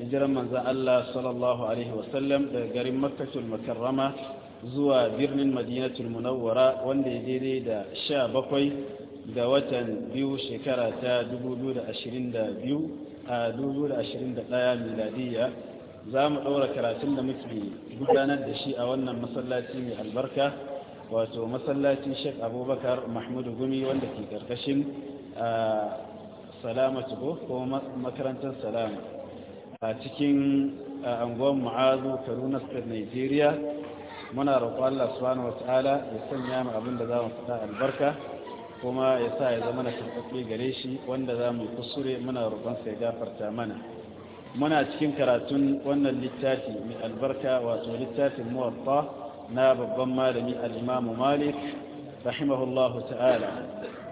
hijiran manzan Allah sallallahu Alaihi wasallam daga garin makkatul makarrama zuwa birnin madinatul munawwara wanda ya daidai da sha bakwai da watan biyu shekara ta 2021 miladiya za mu ɗaura karatun da muke gudanar da shi a wannan masallaci mai albarka wato masallacin sheik abubakar mahmudu gumi wanda ke ƙarƙashin salamatu ko makarantar salama a cikin anguwan ma'azu kaduna state nigeria muna roƙo allah subhanahu ta'ala ya sanya mu abin da za mu fita albarka kuma ya sa ya zama na karɓaɓɓe gare shi wanda za mu kusure muna roƙonsa ya gafarta mana muna cikin karatun wannan littafi mai albarka wato littafin muwatta na babban malami al'imamu malik rahimahullah ta'ala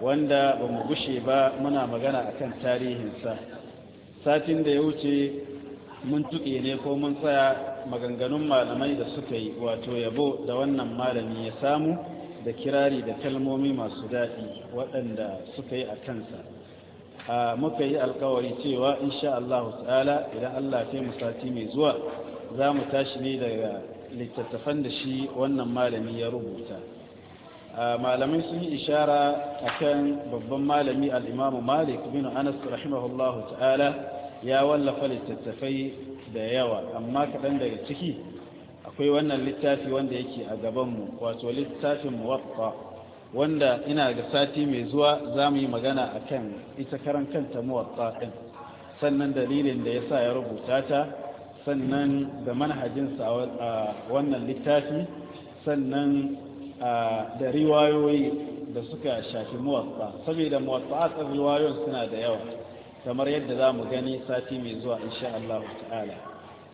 wanda ba mu gushe ba muna magana akan tarihinsa satin da ya wuce mun tuƙe ne ko mun tsaya maganganun malamai da suka yi wato yabo da wannan malami ya samu da kirari da kalmomi masu daɗi waɗanda suka yi a kansa muka yi alkawari cewa insha Allah ta'ala idan Allah ta sati mai zuwa za mu tashi ne daga littattafan da shi wannan malami ya rubuta malamai sun yi ishara akan babban malami al'imamu malik bin anas rahimahullahu ta'ala ya wallafa littattafai da yawa amma kaɗan daga ciki akwai wannan littafi wanda yake a gabanmu wato littafin muwaffa wanda ina ga sati mai zuwa za mu yi magana a kan ita karan kanta muwaffa ɗin sannan dalilin da ya sa ya rubuta ta sannan da manhajinsa a wannan littafi sannan da riwayoyi da suka shafi muwaffa saboda muwaffa a riwayoyin suna da yawa kamar yadda za mu gani sati mai zuwa insha Allah ta'ala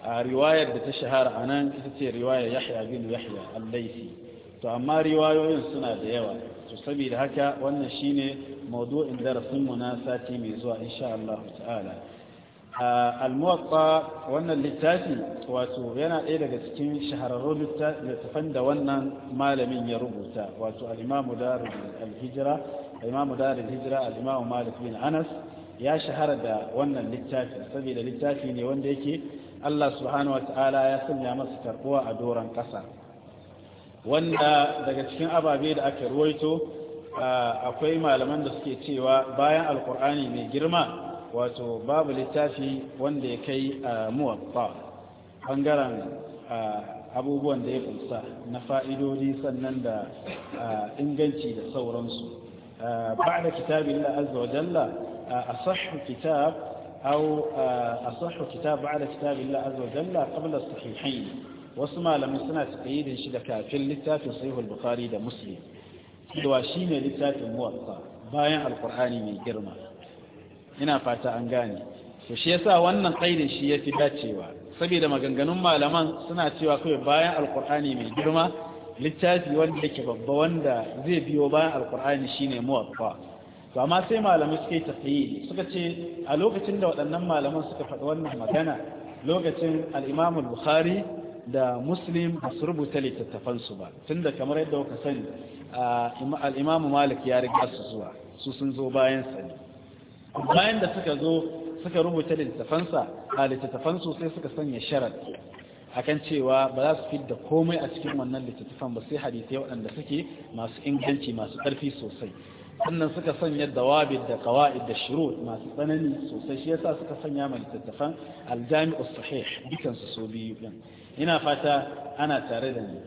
a riwayar da ta shahara a nan ita ce riwayar yahya bin yahya al-laisi to amma riwayoyin suna da yawa to saboda haka wannan shine mawdu'in darasin mu na sati mai zuwa insha Allah ta'ala al-muwatta wannan littafi wato yana ɗaya daga cikin shahararrun littafan da wannan malamin ya rubuta wato al-imamu darul hijra al-imamu darul hijra al-imamu malik bin anas ya shahara da wannan littafi saboda littafi ne wanda yake Allah subhanahu wata'ala ya sanya masa karbuwa a doron ƙasa wanda daga cikin ababe da aka ruwaito akwai malaman da suke cewa bayan alkur'ani mai girma wato babu littafi wanda ya kai muwatta bangaren abubuwan da ya kusa na fa'idodi sannan da inganci da sauransu ba da kitabin Allah azza wa jalla أصح كتاب أو أصح كتاب على كتاب الله عز وجل قبل الصحيحين وسمى لم يسنى تقييد شدك في اللتاف صحيح البخاري ده مسلم دواشين لتاف الموطا بايع القرآن من كرمة هنا فاتا أنغاني فشي يسا وانا قيد شي يتباتيوا saboda maganganun malaman suna cewa kawai bayan alkur'ani mai girma littafi wanda yake babba wanda zai biyo bayan alkur'ani shine muwaffa to amma sai malamai suka yi tafiye suka ce a lokacin da waɗannan malaman suka faɗi wannan magana lokacin al'imamul bukhari da muslim ba su rubuta littattafansu ba tun da kamar yadda kuka sani al'imamu malik ya riga su zuwa su sun zo bayan sani bayan da suka zo suka rubuta littattafansa a littattafansu sai suka sanya sharar akan cewa ba za su fidda komai a cikin wannan littattafan ba sai hadisai waɗanda suke masu inganci masu ƙarfi sosai sannan suka sanya dawabin da qawaid da shiru masu tsanani sosai shi yasa suka sanya mai littattafan aljami'u sahih dukan su so biyu din ina fata ana tare da ni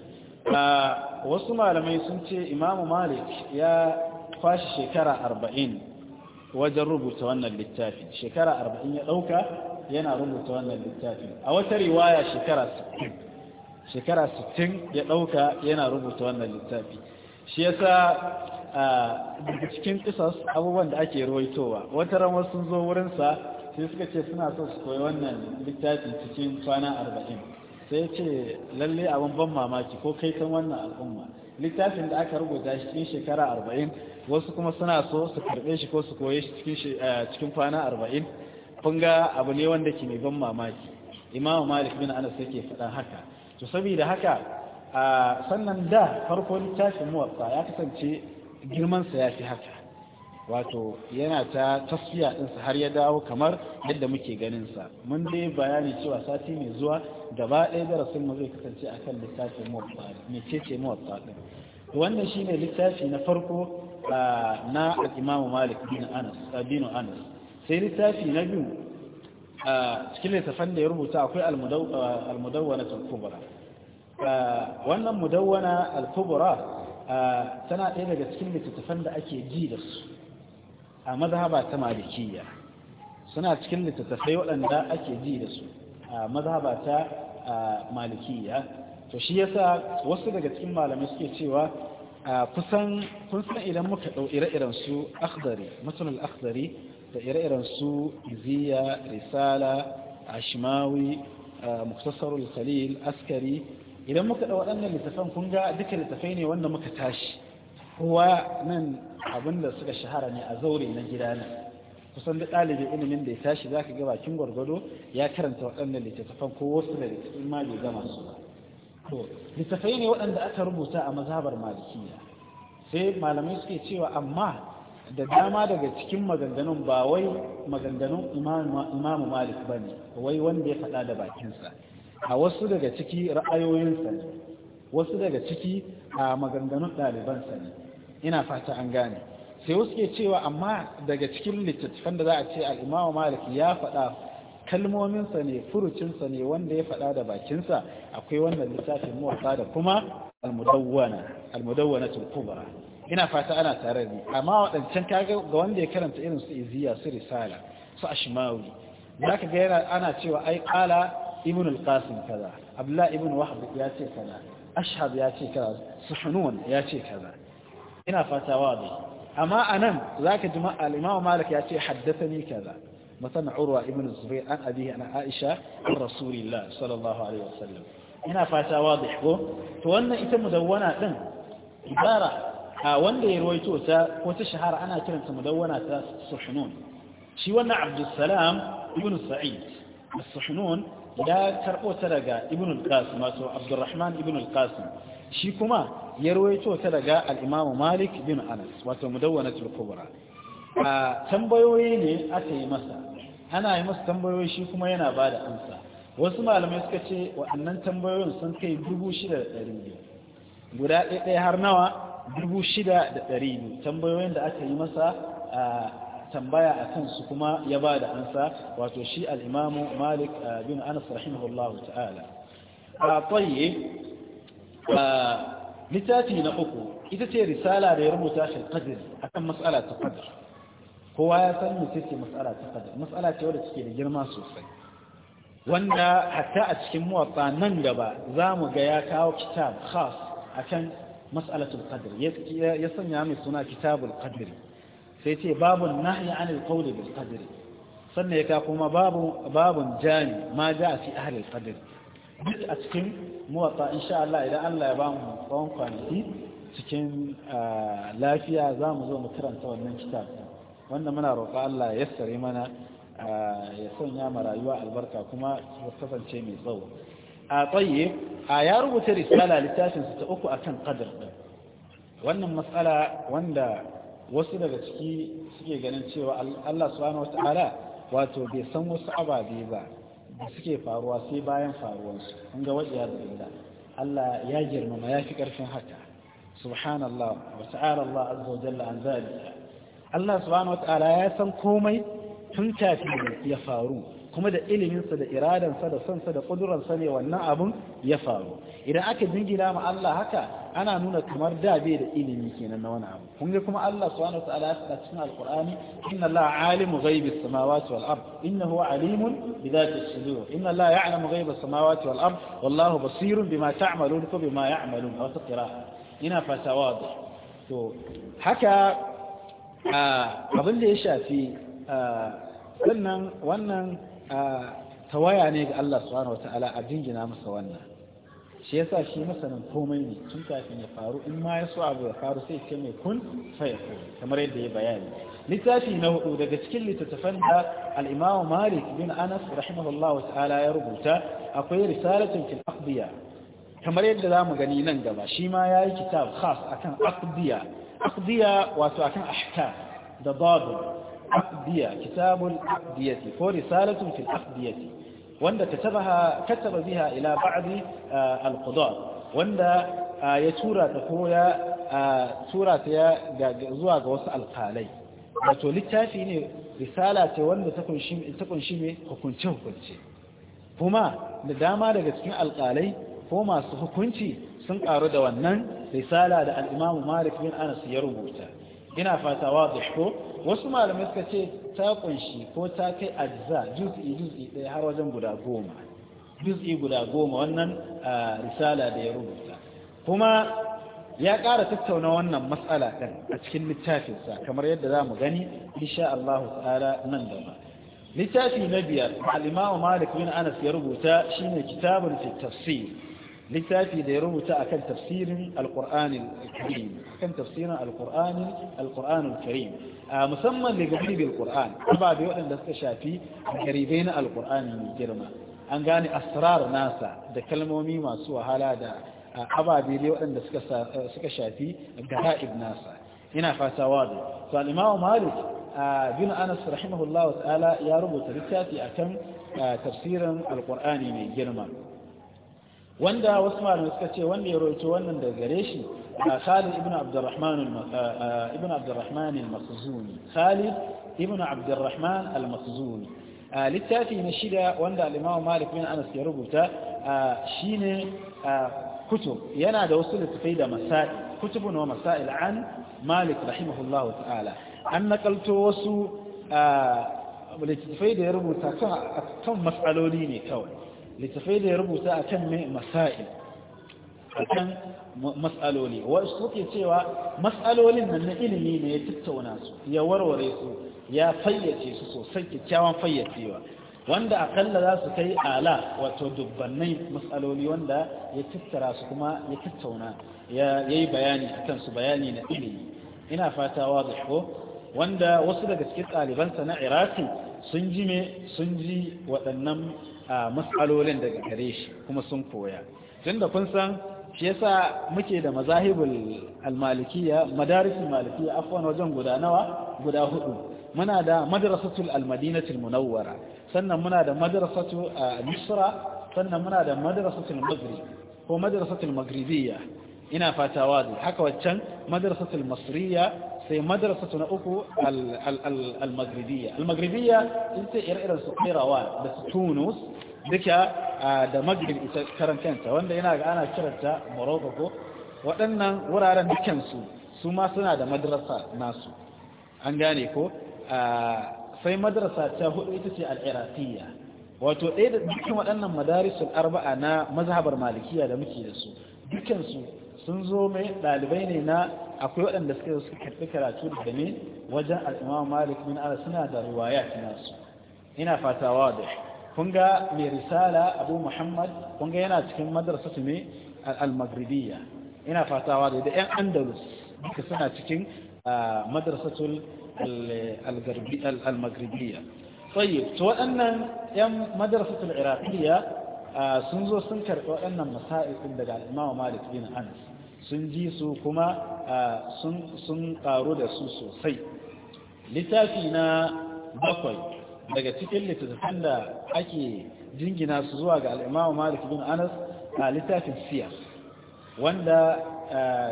wasu malamai sun ce imam malik ya fashi shekara arba'in wajen rubuta wannan littafi shekara arba'in ya ɗauka, yana rubuta wannan littafi a wata riwaya shekara sittin shekara ya ɗauka, yana rubuta wannan littafi shi yasa A cikin kisas abubuwan da ake rawaitowa wata ramar sun zo wurinsa sai suka ce suna so su koyi wannan littafin cikin kwana arba'in sai ya ce lalle abin ban mamaki ko kai kan wannan al'umma littafin da aka rubuta shi cikin shekara arba'in wasu kuma suna so su karɓe shi ko su koye shi cikin eh, kwana arba'in kun ga abu ne wanda ke mai ban mamaki Imam malik bin anas yake faɗa haka to saboda haka sannan da farko littafin muwatta ya kasance girmansa ya fi haka wato yana ta tasfiya ɗinsa har ya dawo kamar yadda muke ganinsa mun dai bayani cewa sati mai zuwa gaba ɗaya darasin mu zai kasance a kan littafin mecece mawatsa ɗin wannan shi ne littafi na farko na al'imamu malik bin anas sai littafi na biyu cikin littafan da ya rubuta akwai almudawwana al-kubra wannan mudawwana al-kubra tana ɗaya daga cikin littattafan da ake ji da su a mazhaba ta malikiya suna cikin littattafai waɗanda ake ji da su a mazhaba ta malikiya to shi yasa wasu daga cikin malamai suke cewa kusan kun san idan muka ɗau ire-iren su akhdari musulun akhdari da ire-iren su iziya risala ashimawi muktasarul khalil askari idan muka da waɗannan littafan kun ga duka littafai ne wanda muka tashi kowa nan abin da suka shahara ne a zaure na gida ne. kusan da ɗalibin ilimin da ya tashi zaka ga bakin gwargwado ya karanta waɗannan littattafan ko wasu da littafin ma bai gama su to littattafai ne waɗanda aka rubuta a mazhabar malikiya sai malamai suke cewa amma da dama daga cikin maganganun ba wai maganganun imamu malik ba ne wai wanda ya faɗa da bakinsa a wasu daga ciki ra'ayoyinsa ne wasu daga ciki a maganganun ɗalibansa ne ina fata an gane sai wasu ke cewa amma daga cikin littattafan da za a ce al'imamu malik ya faɗa kalmominsa ne furucinsa ne wanda ya faɗa da bakinsa akwai wannan littafin mawasa da kuma almudawwana almudawwana tulkubara ina fata ana tare da amma waɗancan kaga ga wanda ya karanta irin su iziya su risala su ashmawi zaka ga yana ana cewa ai qala ibn al-qasim kaza ibn wahb ya ce kaza ashhab ya ce kaza suhnun ya ce kaza ina fatawa da amma anan zaka ji al-imam malik ya ce haddathani kaza matan urwa ibn zubayr an abi ana aisha an rasulillah sallallahu alaihi fata wadih ko to wannan ita mudawwana din ibara a wanda ya ruwaito ta wata ta shahara ana kiranta mudawwana ta suhnun shi wannan abdussalam ibn sa'id as-suhnun ya karɓo ta daga ibn al-qasim wato abdurrahman ibn al-qasim shi kuma ya rawaito ta daga al-imam malik bin anas wato mudawwanatul kubra a tambayoyi ne aka yi masa ana yi masa tambayoyi shi kuma yana ba da amsa wasu malamai suka ce waɗannan tambayoyin sun kai dubu shida da ɗari biyu guda ɗaya har nawa dubu shida da ɗari biyu tambayoyin da aka yi masa tambaya a kansu kuma ya ba da ansa wato shi al'imamu malik uh, bin anas rahimahullahu ta'ala a tsaye uh, littafi na uku ita ce risala da ya rubuta shi kadir a kan matsala ta kadir kowa ya san mace ce matsala ta kadir matsala ce wadda take da girma sosai wanda hatta a cikin muwatsa nan gaba za mu ga ya kawo kitab khas a kan matsalatul kadir ya sanya mai suna kitabul kadiri sai ce babun nahyi anil qawli bil qadri sannan ya kuma babu babun jani ma ja fi ahli al duk a cikin muwatta insha Allah idan Allah ya bamu tsawon kwanaki cikin lafiya za mu zo mu karanta wannan kitab wannan muna roƙa Allah ya yassare mana ya sanya mu rayuwa albarka kuma ya kasance mai tsawo a tsaye a ya rubuta risala littafinsa ta uku akan qadar din wannan matsala wanda wasu daga ciki suke ganin cewa Allah subhanahu ta'ala wato bai san wasu ababe ba da suke faruwa sai bayan faruwarsu an ga wajiya da illa Allah ya girmama ya fi ƙarfin haka subhanallah wa ta'ala Allah azza wa jalla an zalika Allah subhanahu ta'ala ya san komai tun kafin ya faru kuma da iliminsa da iradansa da sansa da ƙudurarsa ne wannan abun ya faru idan aka jingina ma Allah haka ana nuna kamar da bai da ilimi kenan na wani abu kun ga kuma Allah subhanahu wa ta'ala ya faɗa cikin alqur'ani inna Allah alimu ghaibi samawati wal ard innahu alimun bi dhati as-sudur inna Allah ya'lamu ghaiba samawati wal ard wallahu basirun bima ta'malun ko bima ya'malun wa taqra ina fata wadi to haka abin da ya shafi sannan wannan tawaya ne ga Allah subhanahu wa ta'ala a jingina masa wannan shi yasa shi masanin komai ne tun kafin ya faru in ma ya so abu ya faru sai ce mai kun fa ya kamar yadda ya bayani littafi na hudu daga cikin littattafan da al-Imam Malik bin Anas rahimahullahu ta'ala ya rubuta akwai risalatun fil aqdiya kamar yadda mu gani nan gaba shi ma yi kitab khas akan aqdiya aqdiya wato akan ahkam da babu aqdiya kitabul aqdiyati ko risalatun fil aqdiyati wanda katabaha kataba biha ila ba'd uh, al-qudar wanda uh, ya tura ta ko ya uh, tura ta zuwa ga wasu alƙalai wato littafi ne risala ce wanda ta kunshi ta kunshi me hukunce hukunce kuma da dama daga cikin alƙalai ko masu hukunci sun karu da wannan risala da al imamu Malik bin Anas ya rubuta ina fata wazi ko wasu malamai suka ce ta kunshi ko ta kai ajza juz'i juz'i ɗaya har wajen guda goma juz'i guda goma wannan risala da ya rubuta kuma ya ƙara tattauna wannan matsala ɗin a cikin littafinsa kamar yadda za mu gani insha Allah ta'ala nan gaba littafi na biyar al Malik bin Anas ya rubuta shine kitabun fi tafsir littafi da ya rubuta akan tafsirin al karim akan tafsirin al-Qur'an karim musamman daga bil qur'an ba da waɗanda suka shafi garibai na alqur'ani mai girma an gane asrar nasa da kalmomi masu wahala da ababe dai waɗanda suka shafi gara'ib nasa ina fata wadu to al malik bin anas rahimahullahu ta'ala ya rubuta littafi akan tafsirin alqur'ani mai girma wanda wasu malamai suka ce wanda ya rawaito wannan da gare shi آه، خالد ابن عبد الرحمن آه، آه، ابن عبد الرحمن المخزوني خالد ابن عبد الرحمن المخزوني للتأتي نشيدة وندى الإمام مالك من أنس يربط شين كتب ينادى وصل التفيدة مسائل كتب ومسائل عن مالك رحمه الله تعالى أن نقلت وصو للتفيدة يربط كم مسألوليني كوي للتفيدة يربط كم مسائل akan matsaloli wasu suke cewa matsalolin nan na ilimi ne ya tattauna su ya warware su ya fayyace su sosai kyakkyawan fayyacewa wanda akalla za su kai ala wato dubbannai matsaloli wanda ya tattara su kuma ya tattauna ya yi bayani a kansu bayani na ilimi ina fata ko wanda wasu daga cikin ɗalibansa na iraki sun ji me sun ji waɗannan matsalolin daga gare shi kuma sun koya tunda kun san shi yasa muke da mazahibul almalikiya madarisul malikiya afwan wajen guda nawa guda hudu muna da madrasatul almadinatul munawwara sannan muna da madrasatu misra sannan muna da madrasatul maghrib ko madrasatul maghribiyya ina fata wazi haka waccan madrasatul masriya sai madrasatu na uku al-maghribiya al-maghribiya ita ire-iren su Irawa da su Tunus duka da maghrib ita karantanta wanda yana ga ana kiranta morocco ko waɗannan wuraren dukansu su ma suna da madrasa nasu an gane ko sai madrasa ta hudu ita ce al'iraqiyya wato ɗaya da dukkan waɗannan madarisul arba'a na mazhabar malikiya da muke da su dukansu sun zo mai ɗalibai ne na akwai waɗanda suka suka karɓi karatu da ne wajen al'imam malik min ala suna da riwaya nasu ina fatawa da kunga mai risala abu muhammad kunga yana cikin madarsa su ne al-maghribiya ina fatawa da yan andalus duka suna cikin ah, madarsatul al-maghribiya tsayyib to waɗannan yan madarsatul iraqiyya ah, sun zo sun karɓi waɗannan masa'il ɗin daga al-imam malik bin anas sun ji su kuma ah, sun sun ƙaru da su sosai littafi na bakwai daga cikin littattafan da ake jingina su zuwa ga al'imamu malik bin anas a littafin siya wanda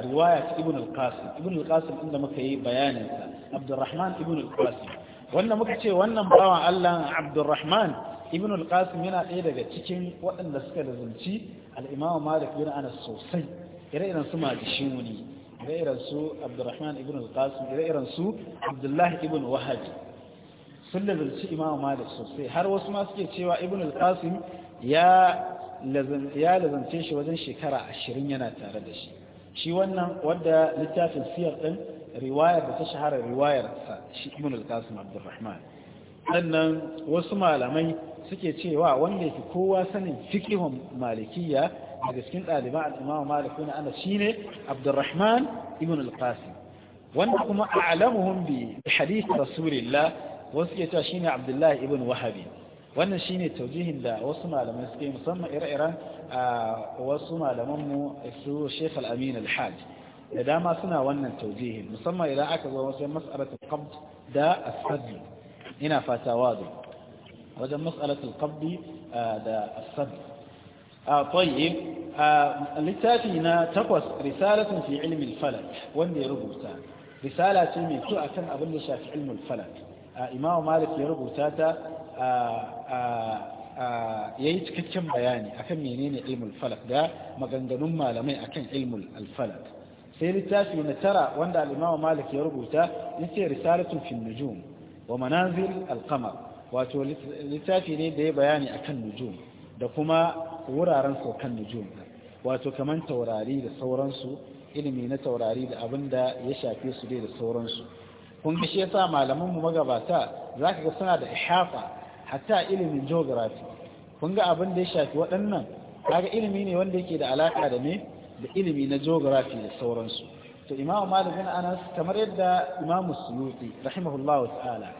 riwaya ta ibn al-qasim ibn al-qasim inda muka yi bayaninsa abdurrahman ibn al-qasim wanda muka ce wannan bawan allah abdurrahman ibn al-qasim yana ɗaya daga cikin waɗanda suka lazumci al'imamu malik bin anas sosai ire-iren su majishin wuni ire-iren su abdurrahman ibn al-qasim ire-iren su abdullahi ibn wahabi sun lazarci imam malik sosai har wasu ma suke cewa ibn al-qasim ya lazance shi wajen shekara ashirin yana tare da shi shi wannan wadda littafin siyar ɗin riwayar da ta shahara riwayar sa shi ibn al-qasim abdurrahman sannan wasu malamai suke cewa wanda yake kowa sanin fiqihun malikiya daga cikin ɗaliban al-imam malik ne ana shine abdurrahman ibn al-qasim wanda kuma a'lamuhum bi hadith rasulillah wasu ke cewa shine abdullahi ibn wahabi wannan shine taujihin da wasu malamai suke musamman ire-iren wasu malamanmu su Sheikh Al-Amin Al-Haj da dama suna wannan taujihin musamman idan aka zo wasu mas'alatul qabd da as-sadd ina fata wazo wajen mas'alatul qabd da as-sadd a tayyib littafi na takwas risalatun fi ilmi al-falak wanda ya rubuta risala ce mai kyau akan abin da shafi ilmi al-falak imam malik ya rubuta ta ya yi cikakken bayani akan menene ilmul falak da maganganun malamai akan ilmul alfalak sai littafi na tara wanda al'imamu malik ya rubuta ya ce risalatun fin nujum wa manazil alkamar wato littafi ne da ya bayani akan nujum da kuma wuraren saukan nujum wato kamar taurari da sauransu ilimi na taurari da abin da ya shafe su dai da sauransu kun ga shi yasa malamanmu mu magabata zaka ga suna da ihafa hatta ilimin geography kun ga abin da ya shafi waɗannan kaga ilimi ne wanda yake da alaka da ne da ilimi na geography da sauransu to imamu malik bin anas kamar yadda imamu suyuti rahimahullahu ta'ala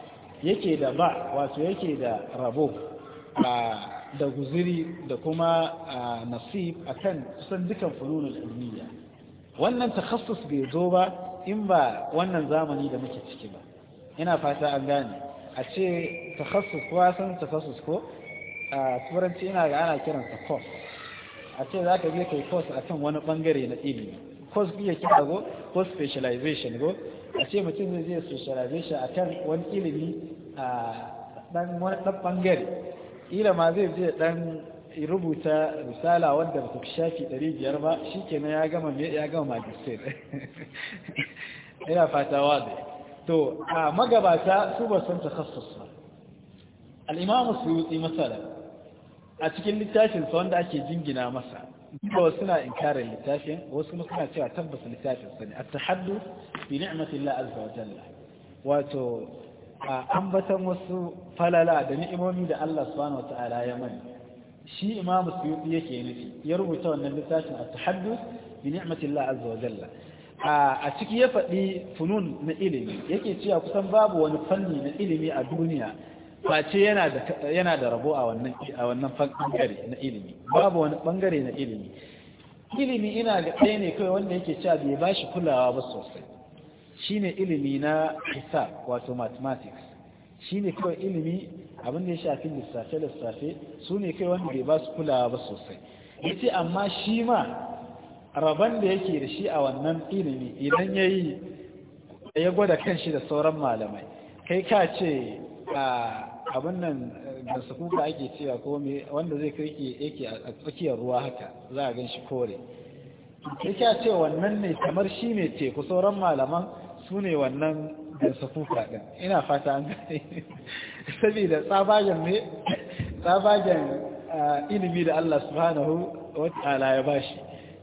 yake da ba wato yake da rabo da guziri da kuma nasib akan kusan dukan fununul ilmiya wannan takhassus bai zo ba in ba wannan zamani da muke ciki ba ina fata an gane a ce takhasus ko san takhasus ko a turanci ina ga ana kiransa course a ce za ka je kai course kan wani bangare na ilimi course biya kira go ko specialization go a ce mutum zai je specialization a kan wani ilimi a dan wani dan bangare ila ma zai je dan rubuta risala wadda ba ta shafi 500 ba shi kenan ya gama ya ina fata wadda to a magabata su ba san takassus ba al'imamu su yi masala a cikin littafinsa wanda ake jingina masa ba suna inkarin littafin wasu kuma suna cewa tabbas littafinsa ne a tahaddu bi ni'matillah azza wa jalla wato a ambatan wasu falala da ni'imomi da Allah subhanahu wa ta'ala ya mani shi imamu suyuti yake nufi ya rubuta wannan littafin a tahaddus bi ni'matillah azza wa jalla a ciki ya faɗi funun na ilimi yake cewa kusan babu wani fanni na ilimi a duniya face yana da yana da rabo a wannan a wannan bangare na ilimi babu wani bangare na ilimi ilimi ina ga ɗaya ne kawai wanda yake cewa bai bashi kulawa ba sosai shine ilimi na hisab wato mathematics shine kawai ilimi abin da ya shafi lissafe lissafe su ne kai wanda bai ba su kulawa ba sosai yace amma shi ma rabon da yake da shi a wannan ilimi idan ya yi ya gwada kanshi da sauran malamai kai ka ce abin nan da kuka ake cewa ko me wanda zai kirki yake a tsakiyar ruwa haka za a gan shi kore kai ka ce wannan ne kamar shi ne teku sauran malaman su ne wannan da kuka ɗin ina fata an gani. saboda tsabagen ne tsabagen ilimi da Allah subhanahu wa ta'ala ya bashi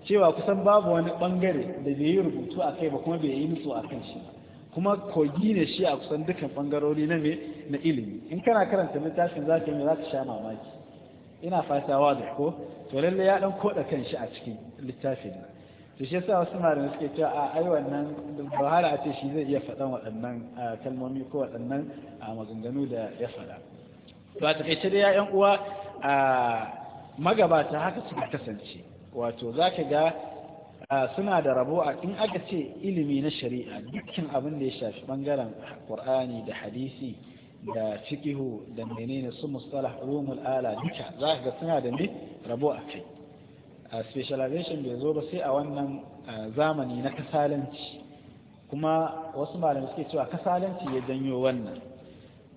cewa kusan babu wani bangare da bai yi rubutu a kai ba kuma bai yi nutsu a kan shi kuma kogi ne shi a kusan dukkan bangarori na me na ilimi in kana karanta littafin za ka yi za ka sha mamaki ina fatawa da ko to lalle ya dan koda kan shi a cikin littafin to shi yasa wasu malamai suke cewa a ai wannan bahara a ce shi zai iya faɗan waɗannan kalmomi ko waɗannan maganganu da ya faɗa to a takaice dai ya'yan uwa a magabata haka suka kasance wato za ka ga suna da rabo a in aka ce ilimi na shari'a dukkan abin da ya shafi bangaren Ƙur'ani da hadisi da fiqihu da menene su mustalah ulumul ala duka za ka ga suna da ne rabo a kai A specialization bai zo ba sai a wannan zamani na kasalanci kuma wasu malamai suke cewa kasalanci ya janyo wannan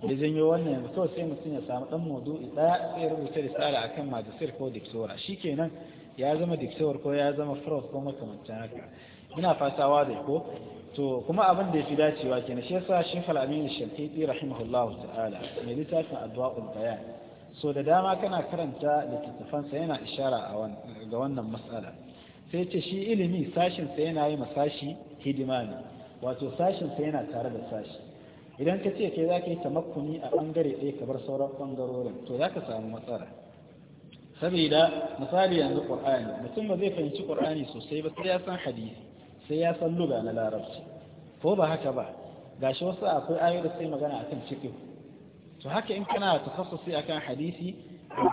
ya janyo wannan yanzu kawai sai mutum ya samu dan maudu'i daya sai rubuta risala akan majisir ko diktora kenan ya zama diktor ko ya zama prof ko makamancin haka ina fatawa da ko to kuma abin da ya fi dacewa kenan shi yasa shi falamin shafi'i rahimahullahu ta'ala mai littafin adwa'ul bayan so da dama kana karanta littattafansa yana ishara ga wannan matsala sai ce shi ilimi sashinsa yana yi masashi hidima ne wato sashinsa yana tare da sashi idan ka ce kai za ka yi makuni a bangare ɗaya ka bar sauran ɓangarorin to za ka samu matsala saboda misali yanzu ƙur'ani mutum ba zai fahimci ƙur'ani sosai ba sai ya san hadisi sai ya san luga na larabci ko ba haka ba gashi wasu akwai ayoyi da sai magana akan cikin to haka in kana tafassasi akan hadisi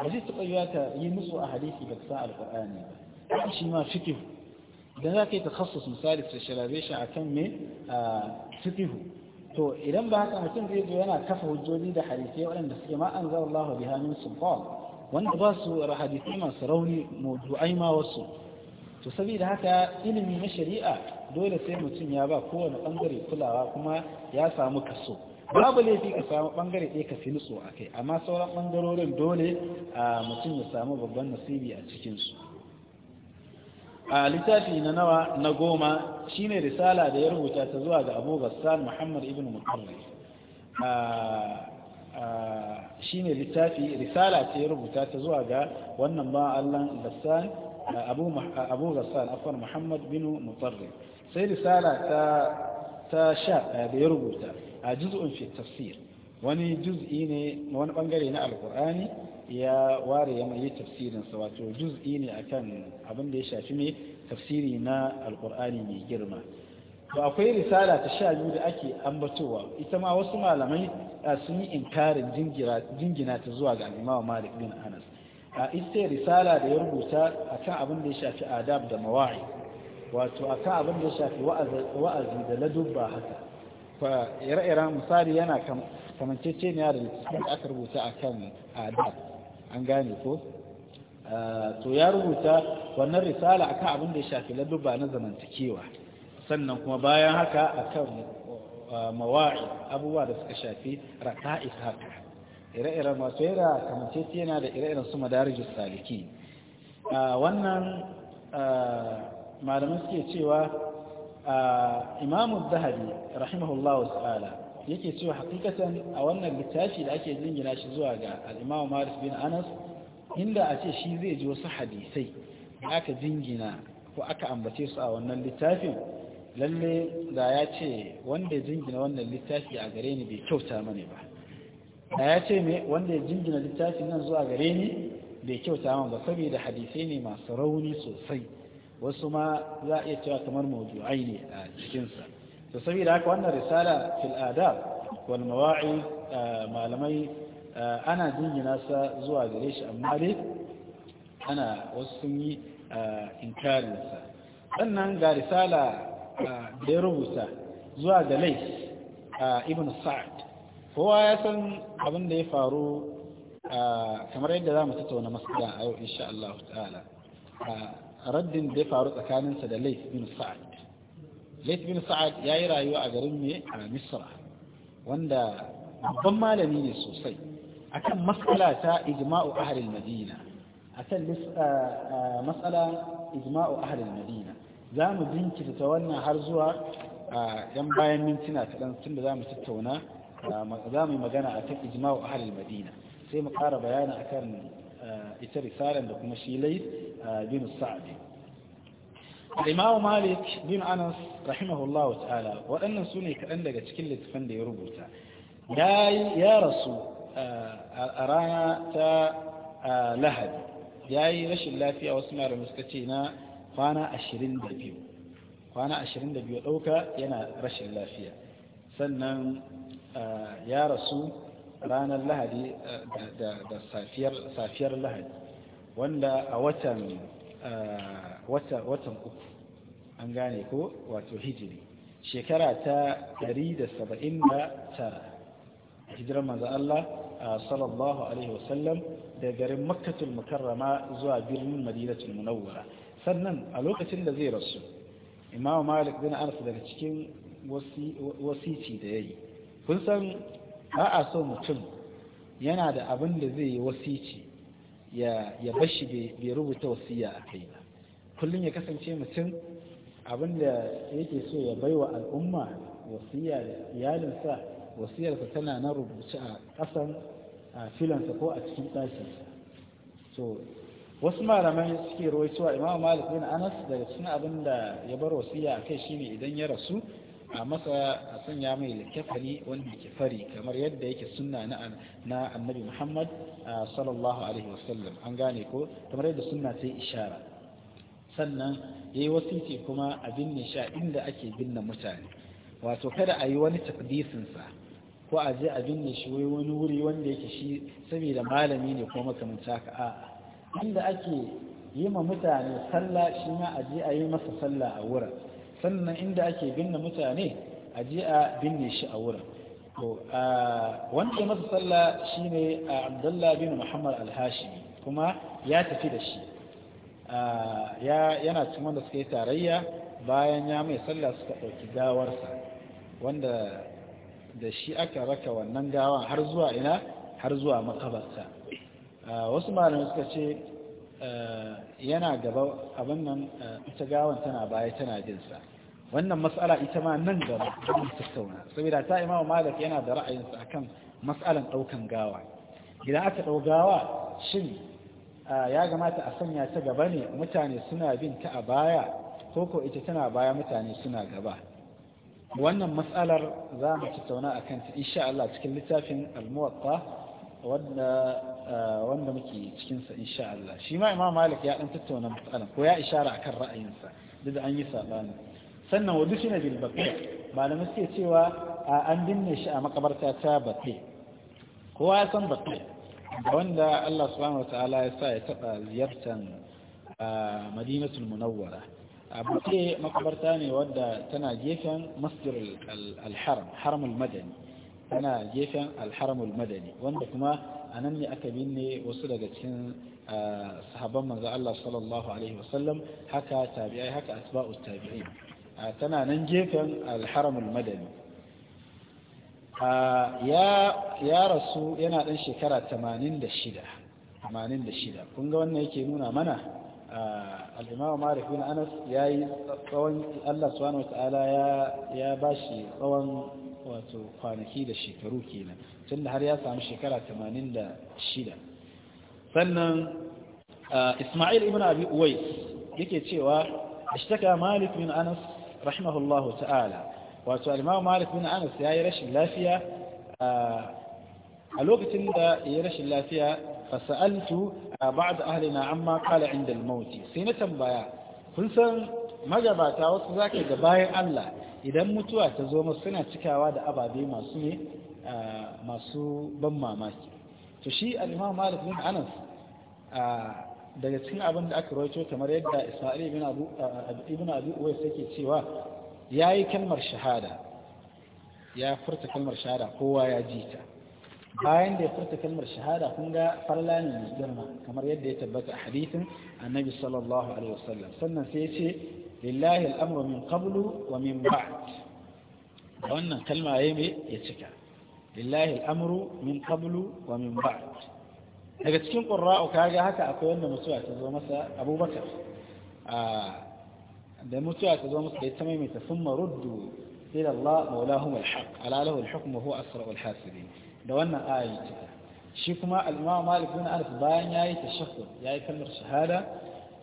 ba zai taɓa yiwa ka yi musu a hadisi ba sa alƙur'ani ba shi ma fiqh idan za ka yi tafassus misali specialization akan me fiqh to idan ba haka mutum zai zo yana kafa hujjoji da hadisai waɗanda suke ma an zara Allah biha min sultan wanda ba su hadisi masu rauni mawdu'ai ma wasu to saboda haka ilimi na shari'a dole sai mutum ya ba kowane bangare kulawa kuma ya samu kaso babu laifi ka samu bangare ɗaya ka fi nutso a kai amma sauran bangarorin dole a mutum ya samu babban nasibi a cikinsu a littafi na nawa na goma shine risala da ya rubuta ta zuwa ga abu gassan muhammad ibn mutarri ne littafi risala ce ya rubuta ta zuwa ga wannan ba allon gassan abu gassan afar muhammad bin mutarri sai risala ta sha eh, da ya rubuta a juz'un fi tafsir wani juz'i ne wani bangare na alkur'ani ya ware ya mai tafsirin sa wato juz'i ne akan abin da ya shafi ne tafsiri na alkur'ani mai girma to akwai risala ta sha biyu da ake ambatowa ita ma wasu malamai sun yi inkarin jingina ta zuwa ga imamu malik bin anas a ita risala da ya rubuta akan abin da ya shafi adab da mawa'i wato akan abin da ya shafi wa'azi da ladubba haka ire-iren misali yana kamanceceniya da littattafan da aka rubuta a kan adab an gane ko ah, to ya rubuta wannan risala kan abin da ya shafi ladduba na zamantakewa sannan kuma bayan haka akan ah, mawa'i abubuwa da suka shafi raka'is haka ire-iren masu yara yana da ire-iren su madarijus saliki ah, wannan malamin suke cewa imamu zahari rahimahullahu ta'ala yake cewa hakikatan a wannan littafi da ake jingina shi zuwa ga al'imamu maris bin anas inda a ce shi zai ji wasu hadisai da aka jingina ko aka ambace su a wannan littafin lalle da ya ce wanda ya jingina wannan littafi a gare ni bai kyauta mani ba da ya ce me wanda ya jingina littafin nan zuwa gare ni bai kyauta mani ba saboda hadisai ne masu rauni sosai wasu ma za a iya cewa kamar mawdu'ai ne a cikinsa to saboda haka wannan risala fil adab wal mawa'i malamai ana dingina sa zuwa gare shi amma dai ana wasu sun yi inkarin sa sannan ga risala da ya rubuta zuwa ga lais ibn sa'ad kowa ya san abin da ya faru kamar yadda za mu tattauna masu a yau insha Allah ta'ala raddin da ya faru tsakaninsa da Laith bin Sa'ad Laith bin Sa'ad ya yi rayuwa a garin ne a Misra wanda babban malami ne sosai akan matsala ta ijma'u ahlil Madina akan matsala ijma'u ahlil Madina za mu jinkirta ta wannan har zuwa yan bayan mintuna ta dan tunda za mu tattauna za mu yi magana akan ijma'u ahalin Madina sai mu ƙara bayani akan ita risalar da kuma shi lai bin sa'adi imamu malik bin anas rahimahullahu ta'ala waɗannan su ne kaɗan daga cikin littafan da ya rubuta ya rasu a rana ta lahadi ya yi rashin lafiya wasu mara suka ce na kwana ashirin kwana ashirin da biyu ɗauka yana rashin lafiya sannan ya rasu ranar lahadi da safiyar lahadi wanda a watan eh, watan uku an gane ko wato hijiri shekara ta 179 hijirar manzo Allah sallallahu alaihi wasallam da garin makkatul mukarrama zuwa birnin madinatul munawwara sannan a lokacin da zai rasu imamu malik bin anas daga cikin wasici da yayi kun san ba a so mutum yana da abin da zai yi wasici ya bashi bai rubuta wasiya a kai ba kullum ya kasance mutum abin da yake so ya bai wa al'umma wasiya da iyalinsa wasiyarsa tana na rubuce a ƙasan filansa ko a cikin ɗakinsa so wasu malamai suke rawaitowa imam malik bin anas daga cikin abin da ya bar wasiya a kai shine idan ya rasu a masa a sanya mai littafani wanda ke fari kamar yadda yake sunna na annabi muhammad sallallahu alaihi wasallam an gane ko kamar yadda sunna sai ishara sannan ya yi wasiti kuma a binne sha inda ake binne mutane wato kada a yi wani takdisinsa ko a je a binne shi Wai wani wuri wanda yake shi saboda malami ne ko makamanta ka a'a inda ake yi ma mutane sallah shi ma a je a yi masa sallah a wurin sannan inda ake binne mutane a je a binne shi a wurin to wanda masa sallah shine abdullah bin muhammad al kuma ya tafi da shi yana cikin wanda suka yi tarayya bayan ya mai sallah suka ɗauki gawarsa wanda da shi aka raka wannan gawan har zuwa ina har zuwa makabarta wasu malamai suka ce Eh, yana gaba abin nan eh, ita gawan tana baya tana jinsa wannan matsala ita ma nan gaba don tattauna saboda ta imamu malik yana da ra'ayinsa akan matsalan ɗaukan gawa idan aka ɗau gawa shin eh, ya gamata a sanya ta gaba ne mutane suna bin ta a baya ko ko ita tana baya mutane suna gaba wannan matsalar za mu tattauna a kanta insha Allah cikin littafin al-muwatta wanda wanda muke cikinsa insha Allah shi ma imam malik ya dan tattauna matsalan ko ya ishara akan ra'ayinsa duk da an yi sabani sannan wa dushina bil baqiya malamai suke cewa an binne shi a makabarta ta baqiya kowa ya san baqiya da wanda Allah subhanahu wataala ya sa ya taba ziyartan madinatul munawwara a baqiya makabarta ne wadda tana gefen masjid al-haram haramul madani tana gefen al-haramul madani wanda kuma a nan ne aka binne wasu daga cikin sahabban manzo Allah sallallahu alaihi wasallam haka tabi'ai haka asba'u tabi'in tana nan gefen al-haramul madani ya ya rasu yana dan shekara 86 86 kun ga wannan yake nuna mana al-imam Malik bin Anas yayi tsawon Allah subhanahu wa ta'ala ya ya bashi tsawon wato kwanaki da shekaru kenan tun da har ya samu shekara 86 sannan ismail ibn abi uwais yake cewa ashtaka malik bin anas rahimahullahu ta'ala wato al-imam malik bin anas yayi rashin lafiya a lokacin da yayi rashin lafiya fa sa'altu ba'd ahlina amma qala inda al-maut sai na tambaya kun san magabata wasu zaka da bayan Allah idan mutuwa ta zo masu suna cikawa da ababe masu ne masu ban mamaki to shi al-Imam Malik bin Anas daga cikin abin da aka rawaito kamar yadda Isra'il ibn Abu ibn Abi Uwais yake cewa yayi kalmar shahada ya furta kalmar shahada kowa ya ji ta bayan da ya furta kalmar shahada kun ga farla ne mai girma kamar yadda ya tabbata a hadisin annabi sallallahu alaihi wasallam sannan sai ya ce lillahi al'amru min qablu wa min ba'd wannan kalma ya cika lillahi min qablu wa min daga cikin qurra'u kaga haka akwai wanda mutuwa ta zo masa abubakar ah, da mutuwa ta zo masa da ta maimaita summa ruddu ila Allah alhaq ala lahu alhukmu huwa asra'ul hasibin da wannan ayi cika shi kuma al-Imam Malik bin Anas bayan yayi tashahhud yayi kalmar shahada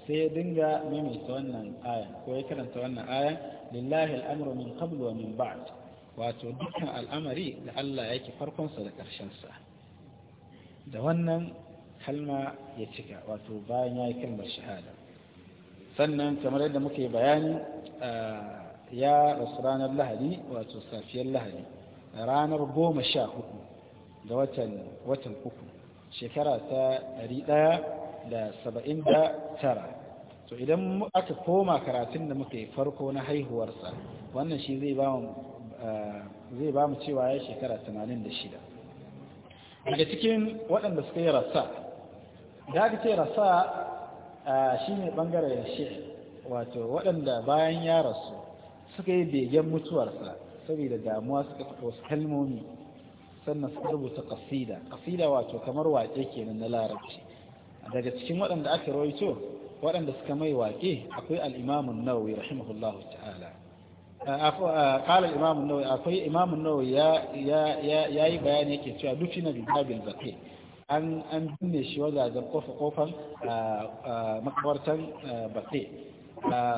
sai ya dinga maimaita wannan ayan ko ya karanta wannan ayan lillahi al'amru min qablu wa min ba'd wato dukkan al'amari da Allah yake farkon sa da karshen sa da wannan kalma ya cika wato bayan ya yi kalmar shahada sannan kamar yadda muka yi bayani ya rasu ranar lahadi wato safiyar lahadi ranar goma sha hudu ga watan uku shekara ta ɗari ɗaya da saba'in da tara to idan aka koma karatun da muka yi farko na haihuwarsa wannan shi zai ba mu eh, cewa ya shekara 86 daga cikin waɗanda suka yi rasa da aka ce rasa eh, shi ne ɓangare da shi wato waɗanda bayan ya rasu suka yi begen mutuwarsa saboda damuwa suka wasu kalmomi sannan suka rubuta kasida kasida wato kamar wace kenan na larabci daga cikin waɗanda aka rawaito waɗanda suka mai waƙe akwai al'imamun nawawi rahimahullahu ta'ala ƙalar imamun nawawi akwai imamun nawawi ya yi bayani yake cewa dufi na bibabin zaƙe an binne shi wajajen kofa-kofan makabartan baƙe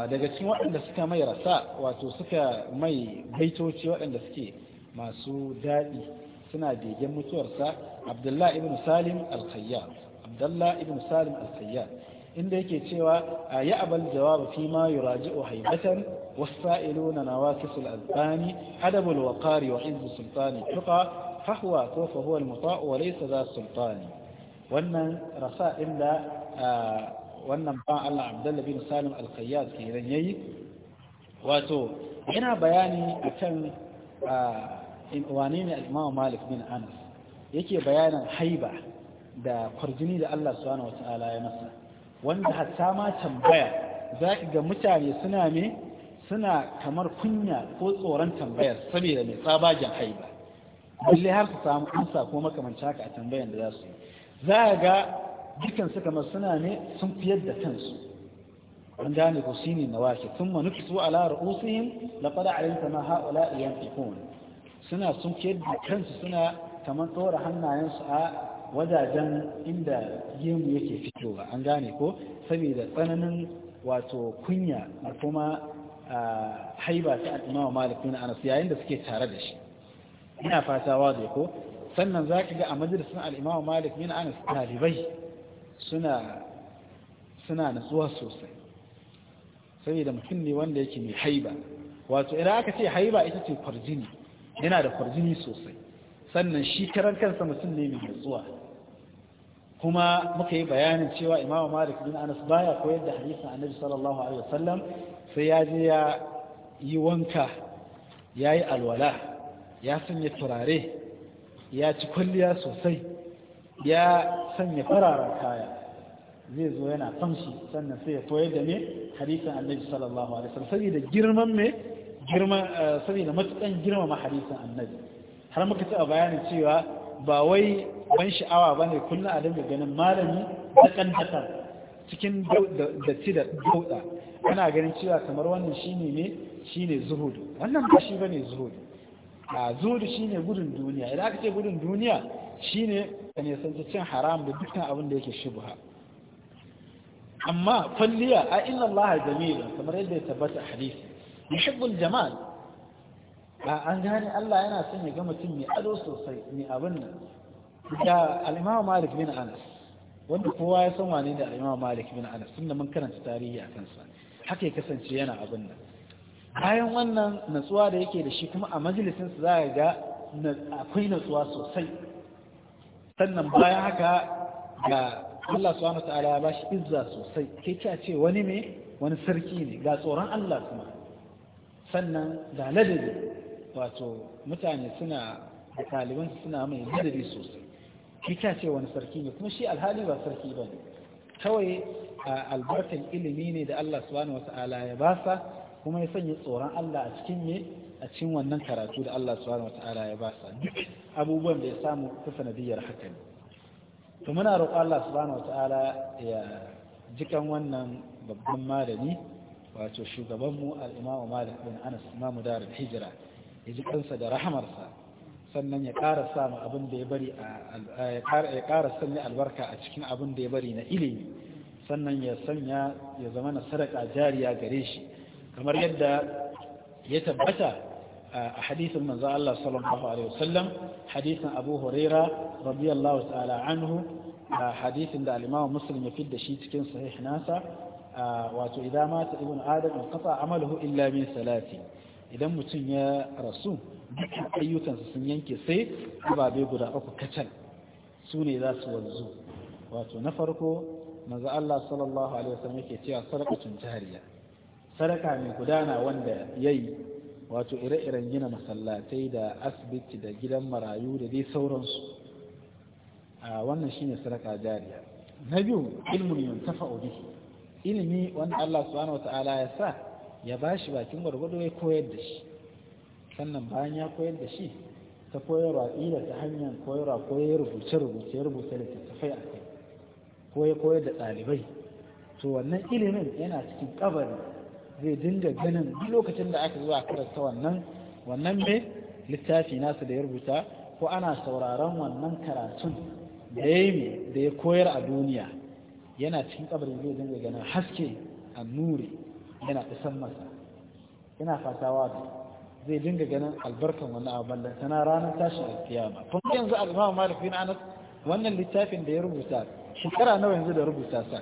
daga cikin waɗanda suka mai rasa wato suka mai baitoci waɗanda suke masu daɗi suna begen mutuwarsa abdullahi ibn salim al-khayyar abdullahi ibn salim al-khayyar inda yake cewa a yi abal jawabu fi ma yuraji o haibatan wasa ilo na nawa kisul albani adabul wa wa izu sultani tuka fahuwa ko fahuwar mutuwa wa laisa za sultani wannan rasa inda wannan ba Allah Abdullah bin Salim Al-Qayyad ke wato yana bayani akan in wani ne Imam Malik bin Anas yake bayanin haiba da kwarjini da Allah subhanahu wa ta'ala ya masa wanda hatta ma tambaya za ki ga mutane suna ne suna kamar kunya ko tsoron tambayar saboda mai tsabagen haiba balle har su samu amsa ko makamanci haka a tambayan da za su yi za a ga dukkan su kamar suna ne sun fi yadda kansu an gane ko shine na washe sun manufi su ala ra'usihim laqad alimta ma haula yanfiqun suna sun fi yadda kansu suna kamar tsora hannayensu a wajajen inda gemu yake fitowa an gane ko saboda tsananin wato kunya da kuma haiba ta al'imama malik bin anas yayin da suke tare da shi ina fata wazo ko sannan za ka ga a majalisun al'imawa malik bin anas talibai suna suna natsuwa sosai saboda mutum ne wanda yake mai haiba wato idan aka ce haiba ita ce kwarjini yana da kwarjini sosai sannan shi karar kansa mutum ne mai zuwa, kuma muka yi bayanin cewa imamu malik bin anas baya koyar da hadisin annabi sallallahu alaihi wasallam sai ya je ya yi wanka ya yi alwala ya sanya turare ya ci kwalliya sosai ya sanya fararen kaya zai zo yana famshi sannan sai ya koyar da ne hadisin annabi sallallahu alaihi wasallam saboda girman me girman eh, saboda matukan girmama hadisin annabi har muka ci a bayanin cewa ba wai ban sha'awa ba ne kullum a dinga ganin malami da ƙandatar cikin datti da dauɗa ana ganin cewa kamar wannan shine ne shine zuhudu wannan ba shi bane zuhudu a zuhudu shine gudun duniya idan aka ce gudun duniya shine ka cin haram da dukkan abin da yake shubha amma kwalliya a inna allaha jamila kamar yadda ya tabbata hadisi yuhibbul jamal a an gane Allah yana son ya ga mutum mai ado sosai mai abin nan da al Malik bin Anas wanda kowa ya san wane da al Malik bin Anas tunda mun karanta tarihi a kansa haka ya kasance yana abin nan bayan wannan natsuwa da yake da shi kuma a majalisin su za ga akwai natsuwa sosai sannan bayan haka ga Allah subhanahu ta'ala ya bashi izza sosai ke ta ce wani ne wani sarki ne ga tsoron Allah kuma sannan da ladabi wato mutane suna ɗalibansu suna mai nazari sosai ta ce wani sarki ne kuma shi alhali ba sarki ba kawai albarkan ilimi ne da Allah subhanahu ta'ala ya basa kuma ya sanya tsoron Allah a cikin me a cikin wannan karatu da Allah subhanahu ta'ala ya basa duk abubuwan da ya samu ta sanadiyar haka ne to muna roƙo Allah subhanahu ta'ala ya jikan wannan babban malami wato shugabanmu al-Imam Malik bin Anas Imam Darul Hijra ya ji da rahamarsa sannan ya ƙara samu abin da ya bari ya ƙara sanya albarka a cikin abin da ya bari na ilimi sannan ya sanya ya zama na sadaka jariya gare shi kamar yadda ya tabbata a hadisin manzo Allah sallallahu alaihi wasallam hadisin Abu Huraira radiyallahu ta'ala anhu hadisin da al-Imam Muslim ya fidda shi cikin sahih nasa wato idan mata ibn adam in qata amaluhu illa min salati idan mutum ya rasu dukkan sun yanke sai ababe guda uku kacal su ne za su wanzu wato na farko maza Allah sallallahu alaihi wasallam yake cewa sadaqatun jariya sadaka mai gudana wanda yayi wato ire-iren gina masallatai da asibiti da gidan marayu da dai sauransu a wannan shine sadaka jariya na biyu ilmun yuntafa'u bihi ilimi wanda Allah subhanahu wata'ala ya sa ya ba shi bakin gwargwado ya koyar da shi sannan bayan ya koyar da shi ta koyarwa ila ta hanyar koyarwa ko ya rubuce rubuce ya rubuce littattafai a kai ko ya koyar da ɗalibai to wannan ilimin yana cikin kabari zai dinga ganin duk lokacin da aka zo a karanta wannan wannan me littafi nasa da ya rubuta ko ana sauraron wannan karatun da ya yi da ya koyar a duniya yana cikin kabarin zai dinga ganin haske a nuri yana isan masa ina fatawa da zai dinga ganin albarkan wannan abin da tana ranar tashin kiyama kun yanzu alfahar na anas wannan littafin da ya rubuta shekara nawa yanzu da rubuta sa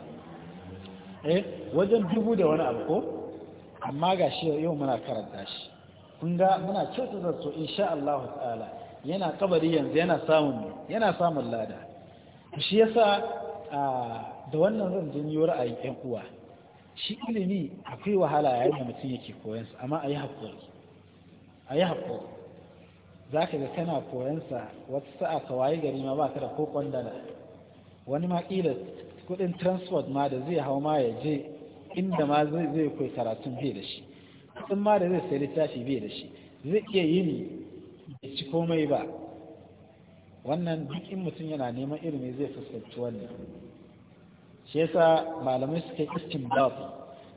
eh wajen dubu da wani abu ko amma ga shi yau muna karanta shi kun ga muna cewa da so insha Allah ta'ala yana kabari yanzu yana samun yana samun lada shi yasa ah, da wannan zan janyo ra'ayin ƴan uwa shi ilimi akwai wahala yayin da mutum yake koyansa amma a yi haƙuri a yi za ka ga kana koyansa wata sa'a ka waye gari ma ba ka da ko kwandala wani ma ƙila kuɗin transport ma da zai hau ma ya je inda ma zai koyi karatun bai da shi kuɗin ma da zai sai littafi bai da shi zai iya yini bai ci komai ba wannan duk in mutum yana neman ilimi zai fuskanci wannan shi yasa malamai suka yi istinbat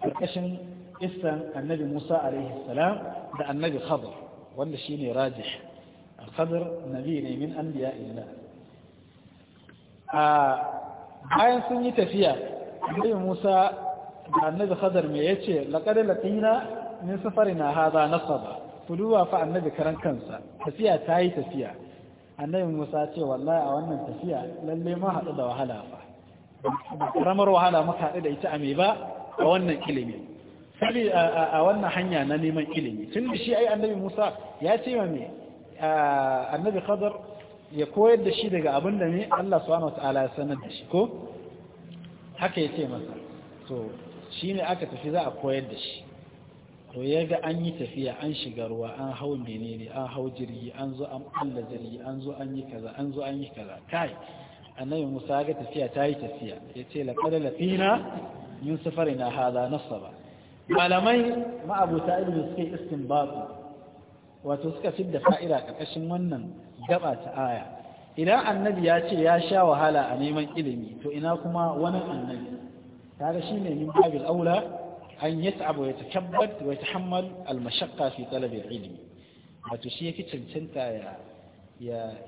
karkashin isan annabi Musa alaihi salam da annabi Khadir wanda ne rajih Khadir nabi ne min biya illa a bayan sun yi tafiya annabi Musa da annabi Khadir me yace laqad latina min safarina hadha nasaba kuduwa fa annabi karan kansa tafiya ta yi tafiya annabi Musa ce wallahi a wannan tafiya Lallai ma haɗu da wahala fa ramar wahala maka haɗu da ita a mai ba a wannan ilimi sabi a wannan hanya na neman ilimi tun da shi ai annabi musa ya ce ma mai annabi khadar ya koyar da shi daga abin da ne allah subhanahu wa ta'ala ya sanar da shi ko haka ya ce masa to shi ne aka tafi za a koyar da shi to ya ga an yi tafiya an shiga ruwa an hau menene an hau jirgi an zo an ɓalla jirgi an zo an yi kaza an zo an yi kaza kai annabi musa ga tafiya ta yi tafiya ya ce laƙar lafina yin safari na hada nasaba malamai ma'abuta ilmi suka suke istin babu wato suka fi da fa'ira ƙarƙashin wannan gaba ta aya idan annabi ya ce ya sha wahala a neman ilimi to ina kuma wannan annabi kaga shi ne min babil aula an yat'ab wa yatakabbar wa yatahammal al-mashaqqa fi talab al-ilmi wato shi yake cancanta ya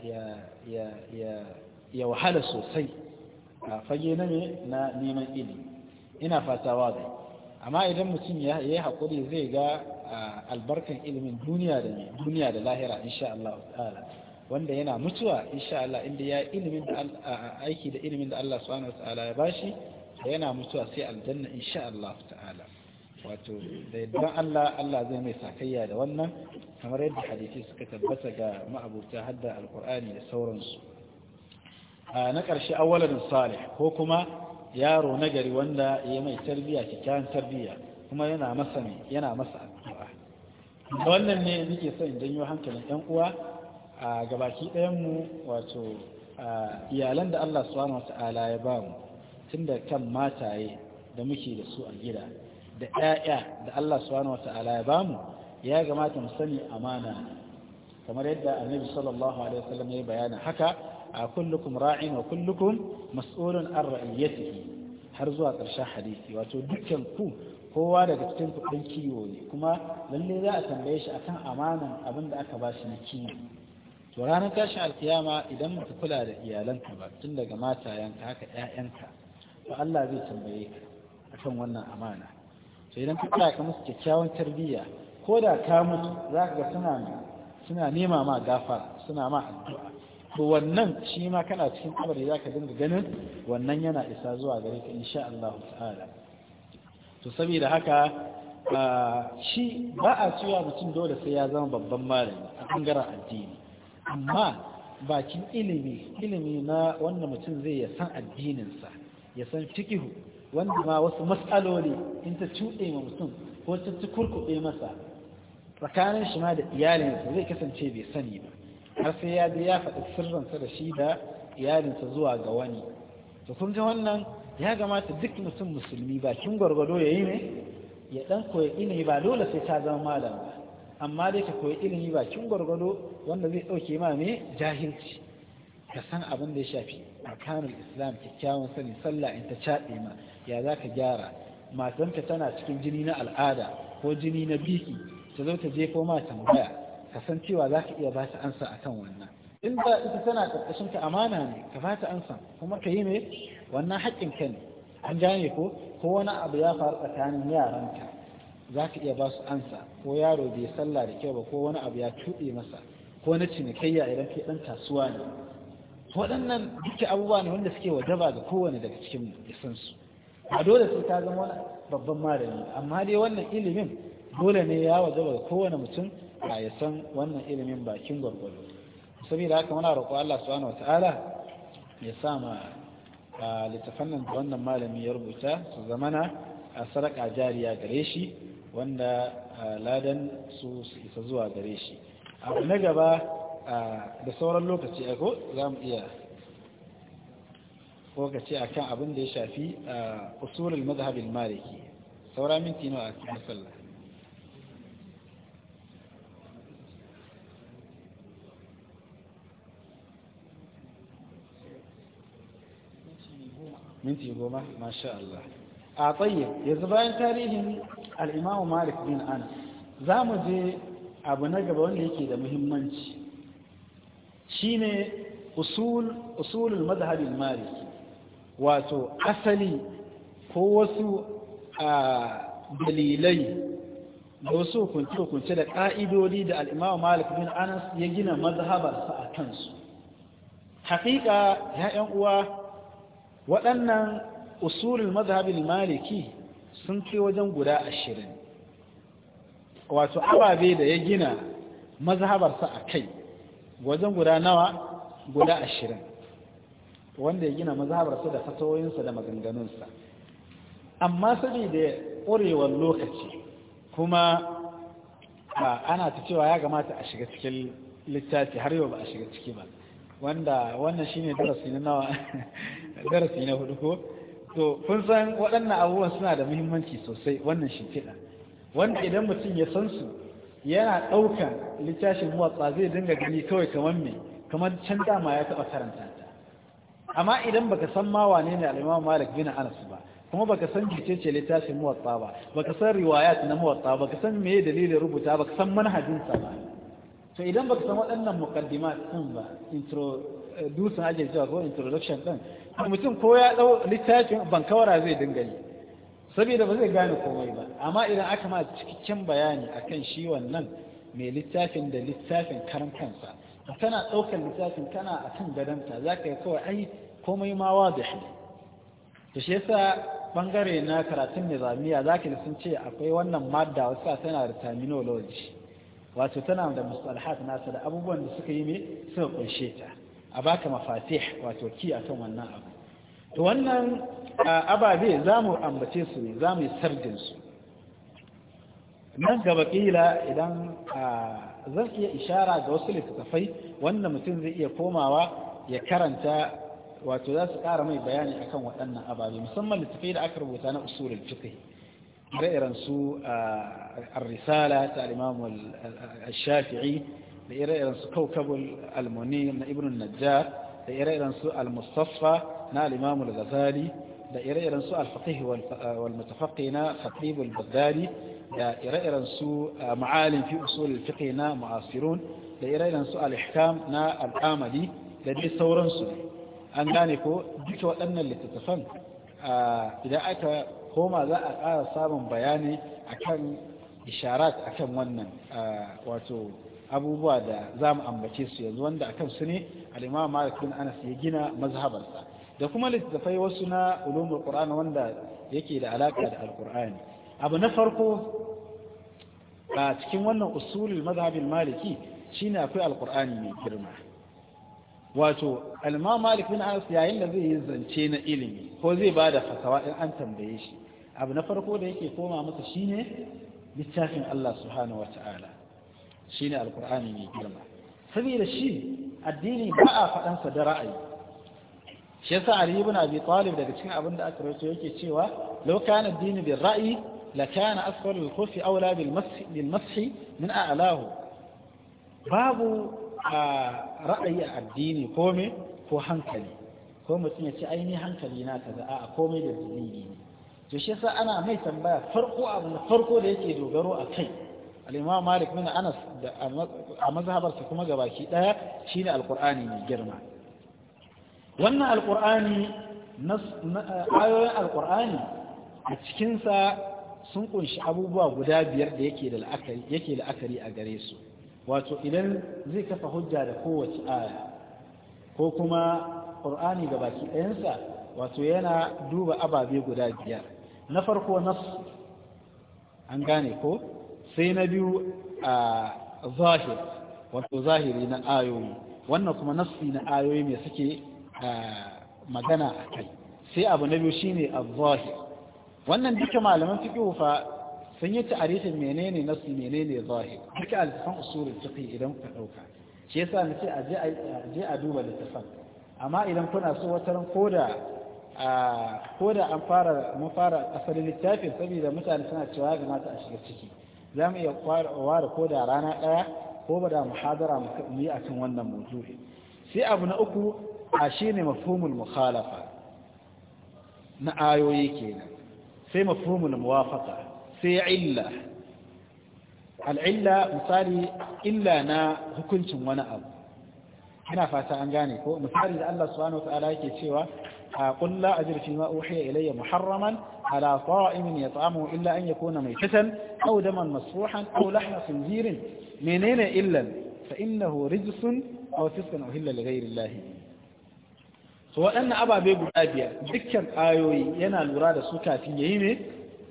ya ya ya ya wahala sosai a fage na me na neman ilimi ina fatawa da amma idan mutum ya yi haƙuri zai ga albarkan ilimin duniya da duniya da lahira insha Allah wanda yana mutuwa insha Allah inda ya ilimin da aiki da ilimin da Allah subhanahu wa ta'ala ya bashi yana mutuwa sai aljanna insha Allah ta'ala wato da yadda Allah Allah zai mai sakayya da wannan kamar yadda hadisi suka tabbata ga ma'abuta hadda alqur'ani da sauransu na ƙarshe awwalan salih ko kuma yaro nagari wanda ya mai tarbiya kyakkyawan tarbiya kuma yana masa ne yana masa addu'a wannan ne nake son in janyo hankalin 'yan uwa a gabaki ɗayan mu wato iyalan da Allah subhanahu wata'ala ya ba mu tunda kan mataye da muke da su a gida da ƴaƴa da Allah subhanahu wata'ala ya ba mu ya gamata mu sani amana kamar yadda annabi sallallahu alaihi wasallam ya bayana haka كلكم راع wa مسؤول عن رعيته har zuwa ƙarshen hadisi wato dukkan ku kowa daga cikin ku ɗan kiwo ne kuma lalle za a tambaye shi akan amanan abin da aka ba bashi na kiwo to ranar tashi alkiyama idan muka kula da iyalanka ba tun daga matayanka haka ƴaƴanka to Allah zai tambaye ka akan wannan amana to idan ka tsaya ka musu kyakkyawan tarbiyya ko da ka mutu za ka ga suna suna nema ma gafara suna ma addu'a to wannan shi ma kana cikin kabari za ka dinga ganin wannan yana isa zuwa gare ka insha Allah ta'ala to saboda haka shi ba a cewa mutum dole sai ya zama babban malami a bangaren addini amma bakin ilimi ilimi na wanda mutum zai ya san addininsa ya san fikihu wanda ma wasu matsaloli in ta cuɗe ma mutum ko ta kurkuɗe masa tsakanin shi ma da iyalinsa zai kasance bai sani ba har sai ya je ya faɗi sirrinsa da shi da iyalinsa zuwa ga wani to kun ji wannan ya gamata duk mutum musulmi bakin gwargwado ya yi ne ya ɗan koya ilimi ba dole sai ta zama malam ba amma dai ka koyi ilimi bakin gwargwado wanda zai ɗauke ma ne jahilci ka san abin da ya shafi arkanul islam kyakkyawan sani sallah in ta caɗe ma ya za ka gyara matanka tana cikin jini na al'ada ko jini na biki ta zo ta je ko ma tambaya ka san cewa za ka iya ba ta ansa a kan wannan in ba ita tana ƙarƙashin ka amana ne ka ba ta ansa kuma ka yi ne wannan haƙƙin ka ne an jane ko ko wani abu ya faru tsakanin yaranka za ka iya ba su ansa ko yaro bai sallah da kyau ba ko wani abu ya cuɗe masa ko na cinikayya idan yi ɗan kasuwa ne waɗannan duka abubuwa ne wanda suke wajaba ga kowane daga cikin isan su a dole sai ta zama wani babban malami amma dai wannan ilimin dole ne ya wajaba ga kowane mutum a ya san wannan ilimin bakin gwargwado saboda haka muna roƙo Allah subhanahu ta'ala ya sa ma littafan nan da wannan malami ya rubuta su zamana a saraka jariya gare shi wanda ladan su isa zuwa gare shi abu na gaba da sauran lokaci ako za mu iya lokaci a kan abin da ya shafi a usulul mazhabin maliki saura minti nawa a cikin sallah minti goma masha Allah a tsaye yanzu bayan tarihin al'imamu malik bin an za mu je abu na gaba wanda yake da muhimmanci shi ne usulul mazhabin maliki wato asali ko wasu dalilai da wasu hukunce-hukunce da ƙa'idodi da al'imamu malik bin anas ya gina mazhabarsa a kansu haƙiƙa ya'yan uwa waɗannan usulul mazhabin maliki sun ce wajen guda ashirin wato ababe da ya gina mazhabarsa a kai wajen guda nawa guda ashirin wanda ya gina mazhabarsa da fatoyinsa da maganganunsa amma saboda ƙurewar lokaci kuma ana ta cewa ya gamata a shiga cikin littafi har yau ba a shiga ciki ba wanda wannan shine darasi na nawa darasi na hudu ko to kun san waɗannan abubuwan suna da muhimmanci sosai wannan shimfiɗa wanda idan mutum ya san su yana ɗaukan littafin watsa zai dinga gani kawai kamar me kamar can dama ya taɓa karanta ta amma idan baka san ma wane ne al'imam malik bin anas ba kuma baka san ce littafin watsa ba baka san riwayat na ba baka san me dalilin rubuta baka san manhajinsa ba to idan baka san waɗannan mukaddima ɗin ba intro eh, ajiyar zuwa ko introduction ɗin, mutum ko ya ɗau littafin bankawara zai dinga yi saboda ba zai gane komai ba amma idan aka ma cikakken bayani akan shi wannan mai littafin da littafin karan kansa kana ɗaukar littafin kana a kan gadonta za ka yi kawai ai komai ma wa da shi to shi yasa bangare na karatun nizamiya za ka sun ce akwai wannan madda wasu tana da terminology wato tana da mustalahat nasa da abubuwan da suka yi mai suka kunshe ta a baka mafatih wato ki akan wannan abu to wannan ababe za mu ambace su ne za mu yi sardin su nan gaba kila idan zan iya ishara ga wasu littattafai wanda mutum zai iya komawa ya karanta wato za su ƙara mai bayani akan waɗannan ababe musamman littattafai da aka rubuta na usulul fiqh ire-iren su ar-risala ta al-imam al-shafi'i da ire-iren su kawkabul al-munir na ibn najjar da ire-iren al mustafa na al-imam al-ghazali da ire-iren al-faqih wal mutafaqi na khatib al-baghdadi da ire-iren su ma'alim fi usul al-fiqh na mu'asirun da ire-iren al-ihkam na al-amali da dai sauransu an gane ko duka waɗannan littattafan idan aka koma za a ƙara samun bayani akan isharat akan wannan wato abubuwa da za mu ambace su yanzu wanda akan su ne al'imam malik bin anas ya gina mazhabarsa da kuma littattafai wasu na ulumul qur'an wanda yake da alaka da alqur'ani abu na farko a cikin wannan usulul mazhabin maliki shine akwai alqur'ani mai girma wato alma malik bin anas yayin da zai yi zance na ilimi ko zai ba da fatawa in an tambaye shi abu na farko da yake koma masa shine littafin Allah subhanahu wata'ala shine alqur'ani mai girma saboda shi addini ba a faɗan sa da ra'ayi shi yasa ali ibn abi talib daga cikin abin da aka rawaito yake cewa law kana ad-din bil ra'yi la kana asfar al-khufi awla bil mashi bil mashi min a'lahu babu a ra'ayi a addini ko ko hankali ko mutum ya ce aini hankali na za a komai da dalili ne to shi yasa ana mai tambaya farko abu na farko da yake dogaro a kai al-imam malik min anas da a mazhabarsa kuma gabaki daya shine alqur'ani mai girma wannan alqur'ani ayoyin alqur'ani a cikinsa sun kunshi abubuwa guda biyar da yake la'akari a gare su wato idan zai kafa hujja da kowace aya ko kuma ƙur'ani da baki ɗayansa wato yana duba ababe guda biyar na farko nafsu an gane ko sai na biyu a zahir wato zahiri na ayoyi wannan kuma nafsi na ayoyi mai suke magana a kai sai abu na biyu shine a zahir wannan duka malaman fiƙi fa sun yi ta'arifin menene nasu menene zahir duka alfan usulul idan ku dauka shi yasa nace a je a je a duba littafin amma idan kuna so wataran koda koda an fara mun fara asalin littafin saboda mutane suna cewa ga mata a shiga ciki za mu iya ware koda rana daya ko bada muhadara mu yi akan wannan mawdu'i sai abu na uku a shine mafhumul mukhalafa na ayoyi kenan sai mafhumul muwafaqa sai illa al'illa misali illa na hukuncin wani abu ina fata an gane ko misali da Allah subhanahu wa ta'ala yake cewa a kulla ajir fi ma uhiya ilayya muharraman ala ya yat'amu illa an yakuna maytatan aw daman masfuhan aw lahma khinzirin menene illan fa innahu rijsun aw fiskun uhilla li ghayri Allah to waɗannan ababe guda biyar dukkan ayoyi yana lura da su kafin yayi ne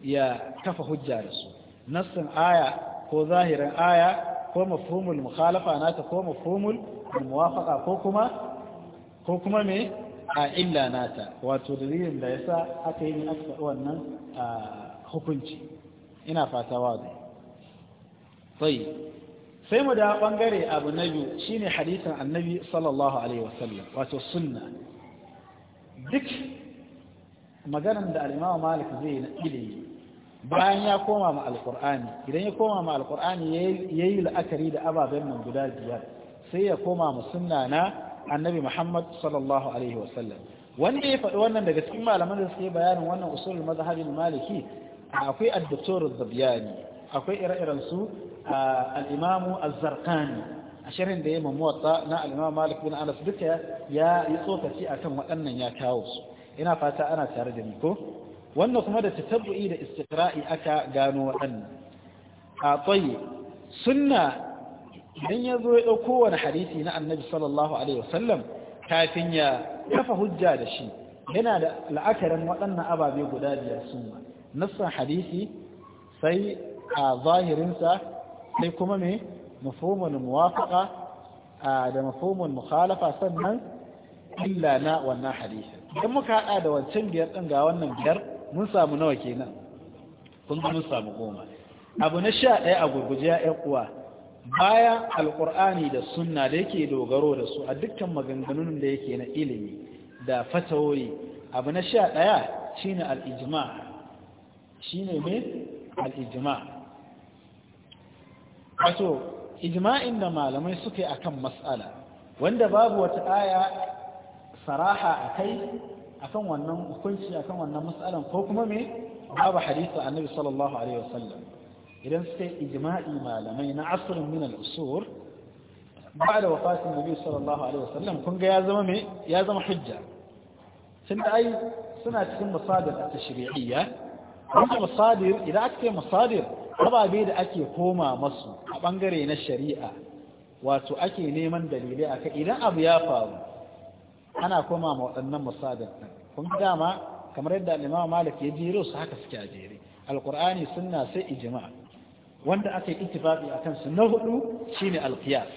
ya kafa hujja da su nassin aya ko zahirin aya ko mafhumul mukhalafa nata ko mafhumul muwafaqa ko kuma ko kuma me a illa nata wato dalilin da yasa aka yi aka wannan hukunci ina fata wazi tayi sai mu da bangare abu na biyu shine hadisin annabi sallallahu alaihi wasallam wato sunna duk maganan da al-Imam Malik zai na ilimi bayan ya koma ma alkur'ani idan ya koma ma alkur'ani ya yi la'akari da ababen nan guda biyar sai ya koma ma sunna na annabi muhammad sallallahu alaihi wasallam wanda ya faɗi wannan daga cikin malaman da suke bayanin wannan usulul mazhabin maliki akwai ad zabiyani akwai ire-iren su al'imamu imamu zarqani a shirin da ya mamuwatsa na al-imam malik bin anas duka ya yi tsokaci akan waɗannan ya kawo su ina fata ana tare da ni ko wannan kuma da tatabbu'i da istikra'i aka gano waɗannan a tsaye sunna idan ya zo ya ɗauko wani hadisi na annabi sallallahu alaihi wasallam kafin ya kafa hujja da shi yana da la'akarin waɗannan ababe guda biyar sunna nassan hadisi sai a zahirinsa sai kuma me mafhumul muwafaqa da mafhumul mukhalafa sannan illa na wannan hadisi idan muka haɗa da wancan biyar din ga wannan biyar mun samu nawa kenan kun ga mun samu goma abu na sha ɗaya a gurguje ya uwa bayan alƙur'ani da sunna da yake dogaro da su a dukkan maganganun da yake na ilimi da fatawoyi abu na sha ɗaya shine al'ijima shine mai al'ijima wato ijima'in da malamai suke akan mas'ala wanda babu wata aya saraha a kai akan wannan hukunci akan wannan matsalan ko kuma me babu hadisi annabi sallallahu alaihi wasallam idan suka yi ijma'i malamai na asrun min al-usur ba da wafatin nabi sallallahu alaihi wasallam kun ga ya zama me ya zama hujja tunda ai suna cikin masadir at-tashri'iyya wanda masadir idan aka ce masadir ababe da ake koma masu a bangare na shari'a wato ake neman dalilai aka idan abu ya faru ana koma ma waɗannan musadin kun dama kamar yadda al'imama malik ya jero su haka suke a jere alƙur'ani sunna sai ijma wanda aka yi ittifaqi a kansu na hudu shine alqiyas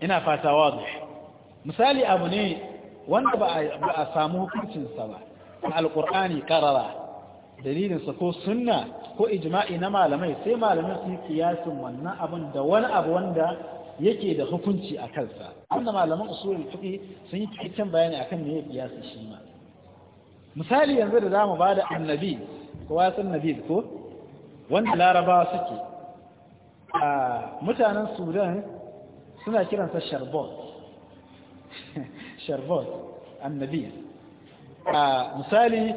ina fata wazi misali abu ne wanda ba a samu hukuncinsa ba alƙur'ani karara dalilinsa ko sunna ko ijma'i na malamai sai malamai su yi kiyasin wannan abin da wani abu wanda yake da hukunci a kansa wanda malaman usulul fiqh sun yi cikakken bayani akan me ya kiyasa shi ma misali yanzu da zamu bada annabi kowa wasan nabi ko wanda larabawa suke a mutanen sudan suna kiransa sharbot sharbot annabi a misali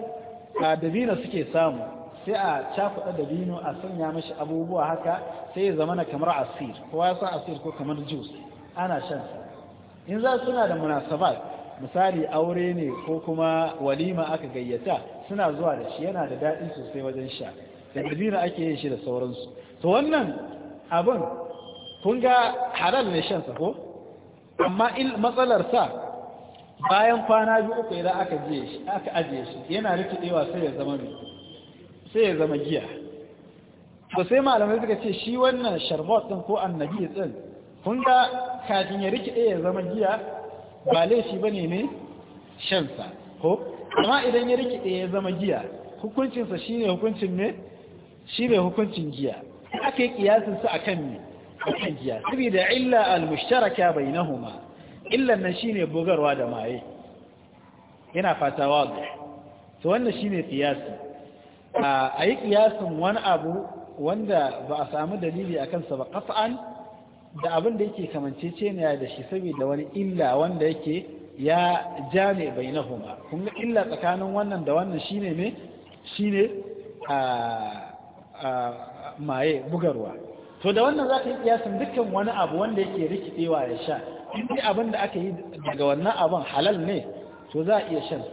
a dabina suke samu sai a cakuɗa da bino a sanya mashi abubuwa haka sai ya zama na kamar asir kowa ya san asir ko kamar jus, ana shan in za suna da munasabat misali aure ne ko kuma walima aka gayyata suna zuwa da shi yana da daɗi sosai wajen sha da dabino ake yin shi da sauransu to wannan abin kun ga halal ne shansa ko amma in matsalar sa bayan kwana biyu uku idan aka ajiye shi yana rikidewa sai ya zama mai sai ya zama giya to sai malamai suka ce shi wannan sharbot din ko annabi din kun ga kafin ya ɗaya ya zama giya ba laifi ba ne shan sa ko amma idan ya ɗaya ya zama giya hukuncinsa shi shine hukuncin ne ne hukuncin giya aka yi kiyasin a akan ne akan giya saboda illa al-mushtaraka bainahuma illan nan shine bugarwa da maye yana fata wazi to wannan shine kiyasi a yi kiyasin wani abu wanda ba a samu dalili a kansa ba kafa'an da abin da yake kamance ce ne da shi saboda wani illa wanda yake ya jame bai na huma kun ga illa tsakanin wannan da wannan shine ne ne a maye bugarwa to da wannan za ka yi kiyasin dukkan wani abu wanda yake rikidewa ya sha in abin da aka yi daga wannan abin halal ne to za a iya shan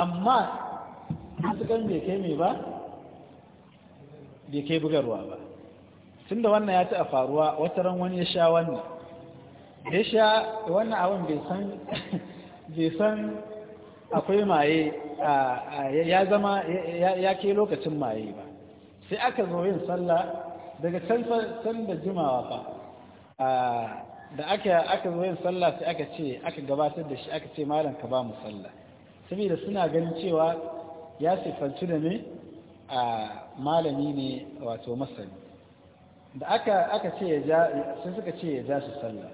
amma matukan bai kai mai ba bai kai bugarwa ba tun da wannan ya taɓa faruwa wata ran wani ya sha wannan ya sha wannan abin bai san akwai maye ya zama ya ke lokacin maye ba sai aka zo yin sallah daga can da jimawa fa da aka zo yin sallah sai aka ce aka gabatar da shi aka ce malam ka ba mu sallah saboda suna ganin cewa ya siffanci da ne a malami ne wato masani da aka ce ya ja sun suka ce ya ja su sallah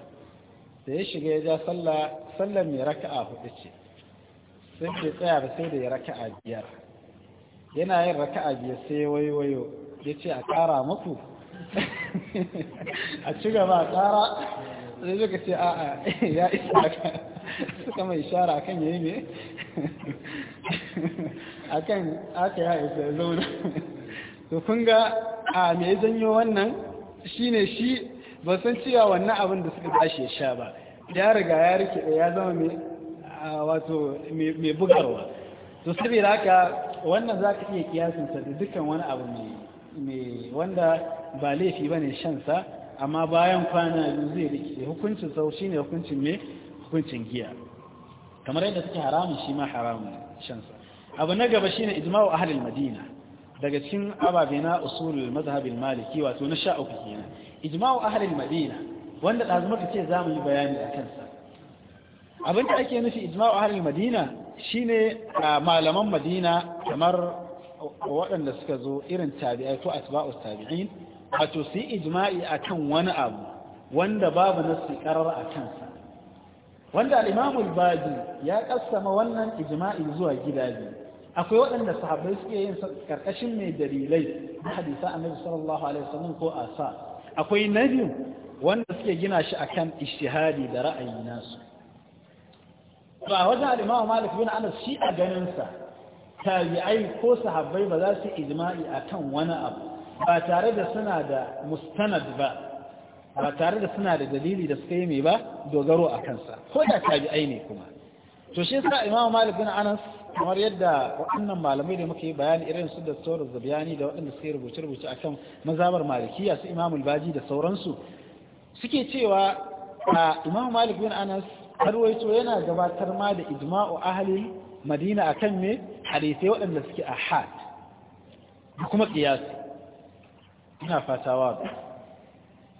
da ya shiga ya ja sallah sallar mai raka'a hudu ce Sun bai tsaya da sai da ya raka'a biyar yana yin raka'a biyar sai waiwayo ya ce a kara muku a ci gaba a kara sai suka ce a'a ya isa suka mai ishara kan yayi ne akan aka ya isa zauna to kun ga a me zanyo wannan shine shi ba san cewa wannan abin da suka tashi ya sha ba ya riga ya rike ya zama mai wato mai bugarwa to saboda haka wannan za ka iya kiyasin sa da dukkan wani abu mai wanda ba laifi ba ne shansa amma bayan kwana biyu zai rike hukuncin sau shine hukuncin mai hukuncin giya kamar yadda suke haramun shi ma haramun shansa abu na gaba shine ijma'u ahlil madina daga cikin ababe na usulul mazhabil maliki wato na sha uku kenan ijma'u ahlil madina wanda dazu muka zamu yi bayani akan sa abin da ake nufi ijma'u ahlil madina shine malaman madina kamar waɗanda suka zo irin tabi'ai ko asba'u tabi'in wato su ijma'i akan wani abu wanda babu nasu karar a sa wanda al-imamul ya kassama wannan ijma'i zuwa gida biyu akwai waɗanda sahabbai suke yin karkashin mai dalilai na hadisa annabi sallallahu alaihi wasallam ko asa akwai na biyu wanda suke gina shi akan ijtihadi da ra'ayi nasu to a wajen al-Imam Malik bin Anas shi a ganin sa tabi'ai ko sahabbai ba za su ijma'i akan wani abu ba tare da suna da mustanad ba ba tare da suna da dalili da suka yi mai ba dogaro a kansa ko da tabi'ai ne kuma to shi yasa Imam Malik bin Anas kamar yadda waɗannan malamai da muke bayani irin su da sauran zabiyani da waɗanda suke rubuce-rubuce a kan mazabar malikiya su imamu baji da sauransu suke cewa a imamu malik bin anas harwaito yana gabatar ma da ijma'u ahali madina akan me hadisai waɗanda suke a ahad da kuma qiyas ina fatawa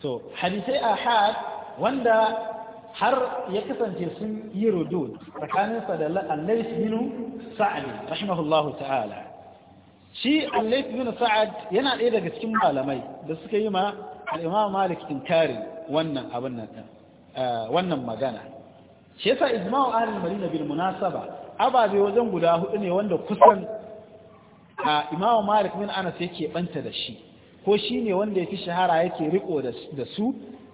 to hadisai ahad wanda har ya kasance sun yi rudud tsakaninsa da allais bin sa'ad rahimahullahu ta'ala shi allais bin sa'ad yana ɗaya daga cikin malamai da suka yi ma al-Imam malik inkari wannan abin nan eh, wannan magana shi yasa ijma'u al madina bil munasaba ababe wajen guda hudu ne wanda kusan a imam malik bin anas yake banta da shi ko shine wanda yake shahara yake riko da su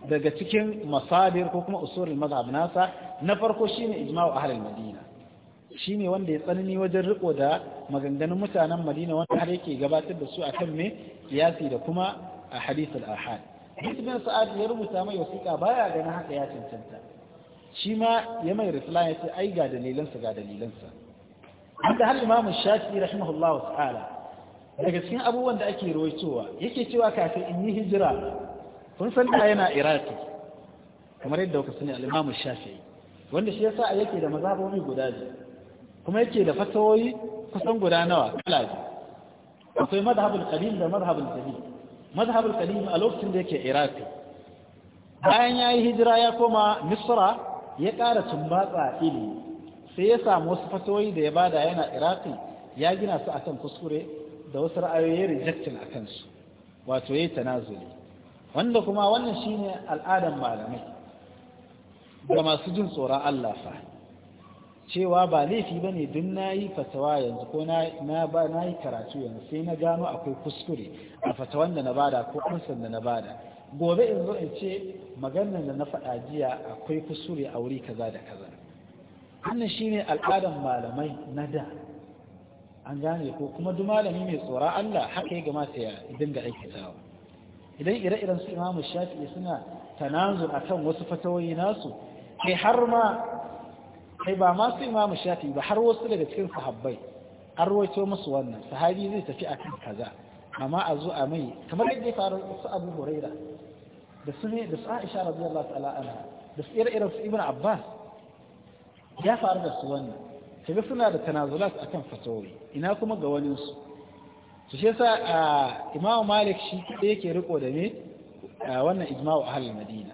daga cikin masadir ko kuma usulul mazhab nasa na farko shine ijma'u ahlul madina shine wanda ya tsanani wajen riko da maganganun mutanen madina wanda har yake gabatar da su akan me kiyasi da kuma a hadithul ahad ibn sa'ad ya rubuta mai wasiƙa baya ganin haka ya cancanta shi ma ya mai reply ya ce ai ga dalilansa ga dalilansa wanda har imamu shafi rahimahullahu ta'ala daga cikin abubuwan da ake rawaitowa yake cewa kafin in yi hijira kun san da yana iraki kamar yadda kuka sani al-imamu shafi'i wanda shi yasa yake da mazabobi guda biyu kuma yake da fatawoyi kusan guda nawa kala biyu akwai mazhabul qadim da mazhabul jadid mazhabul qadim a lokacin da yake iraki bayan yayi hijira ya koma misra ya ƙara tumbatsa ilimi sai ya samu wasu fatawoyi da ya bada yana iraki ya gina su akan kuskure da wasu ra'ayoyi rejection akan su wato yayi tanazuli wanda kuma wannan shine al'adan malamai ga masu jin tsoron Allah fa cewa ba laifi ba bane na nayi fatawa yanzu ko na na karatu yanzu sai na gano akwai kuskure a fatawan da na bada ko amsan da na bada gobe in zo in ce maganar da na faɗa jiya akwai kuskure a wuri kaza da kaza wannan shine al'adan malamai na da an gane ko kuma duk malami mai tsoron Allah haka ya gamata ya dinga aikatawa idan ire-iren su imamu shafi'i suna tanazur akan wasu fatawoyi nasu kai har ma kai ba masu imamu shafi'i ba har wasu daga cikin sahabbai an ruwaito musu wannan sahabi zai tafi akan kaza amma a zo mai kamar yadda ya faru su abu huraira da su ne da su aisha radiyallahu ta'ala anha da su ire-iren su ibn abbas ya faru da su wannan kaga suna da tanazulat akan fatawoyi ina kuma ga wani su su shi yasa imamu malik shi kaɗai yake riko da me wannan ijma'u ahlul madina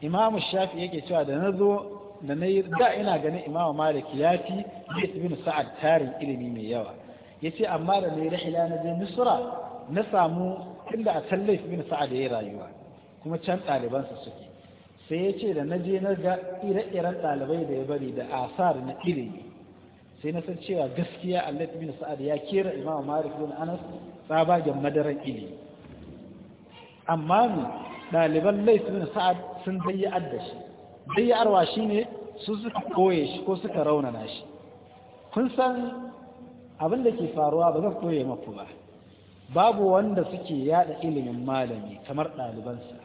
imamu shafi yake cewa da na zo da na yi da ina ganin imamu malik ya fi zai na sa'ad tarin ilimi mai yawa ya ce amma da na yi rahila na je misra na samu inda a tallai fi bin sa'ad ya rayuwa kuma can ɗalibansa suke sai ya ce da na je na ga ire-iren ɗalibai da ya bari da asar na ilimi sai na san cewa gaskiya Allah ibn Sa'ad ya kera Imam Malik ibn Anas tsabagen madaran ilimi amma ne ɗaliban laifin ibn Sa'ad sun dayyar da shi shi ne su suka koye shi ko suka raunana shi kun san abin da ke faruwa ba zan koye maku ba babu wanda suke yada ilimin malami kamar ɗalibansa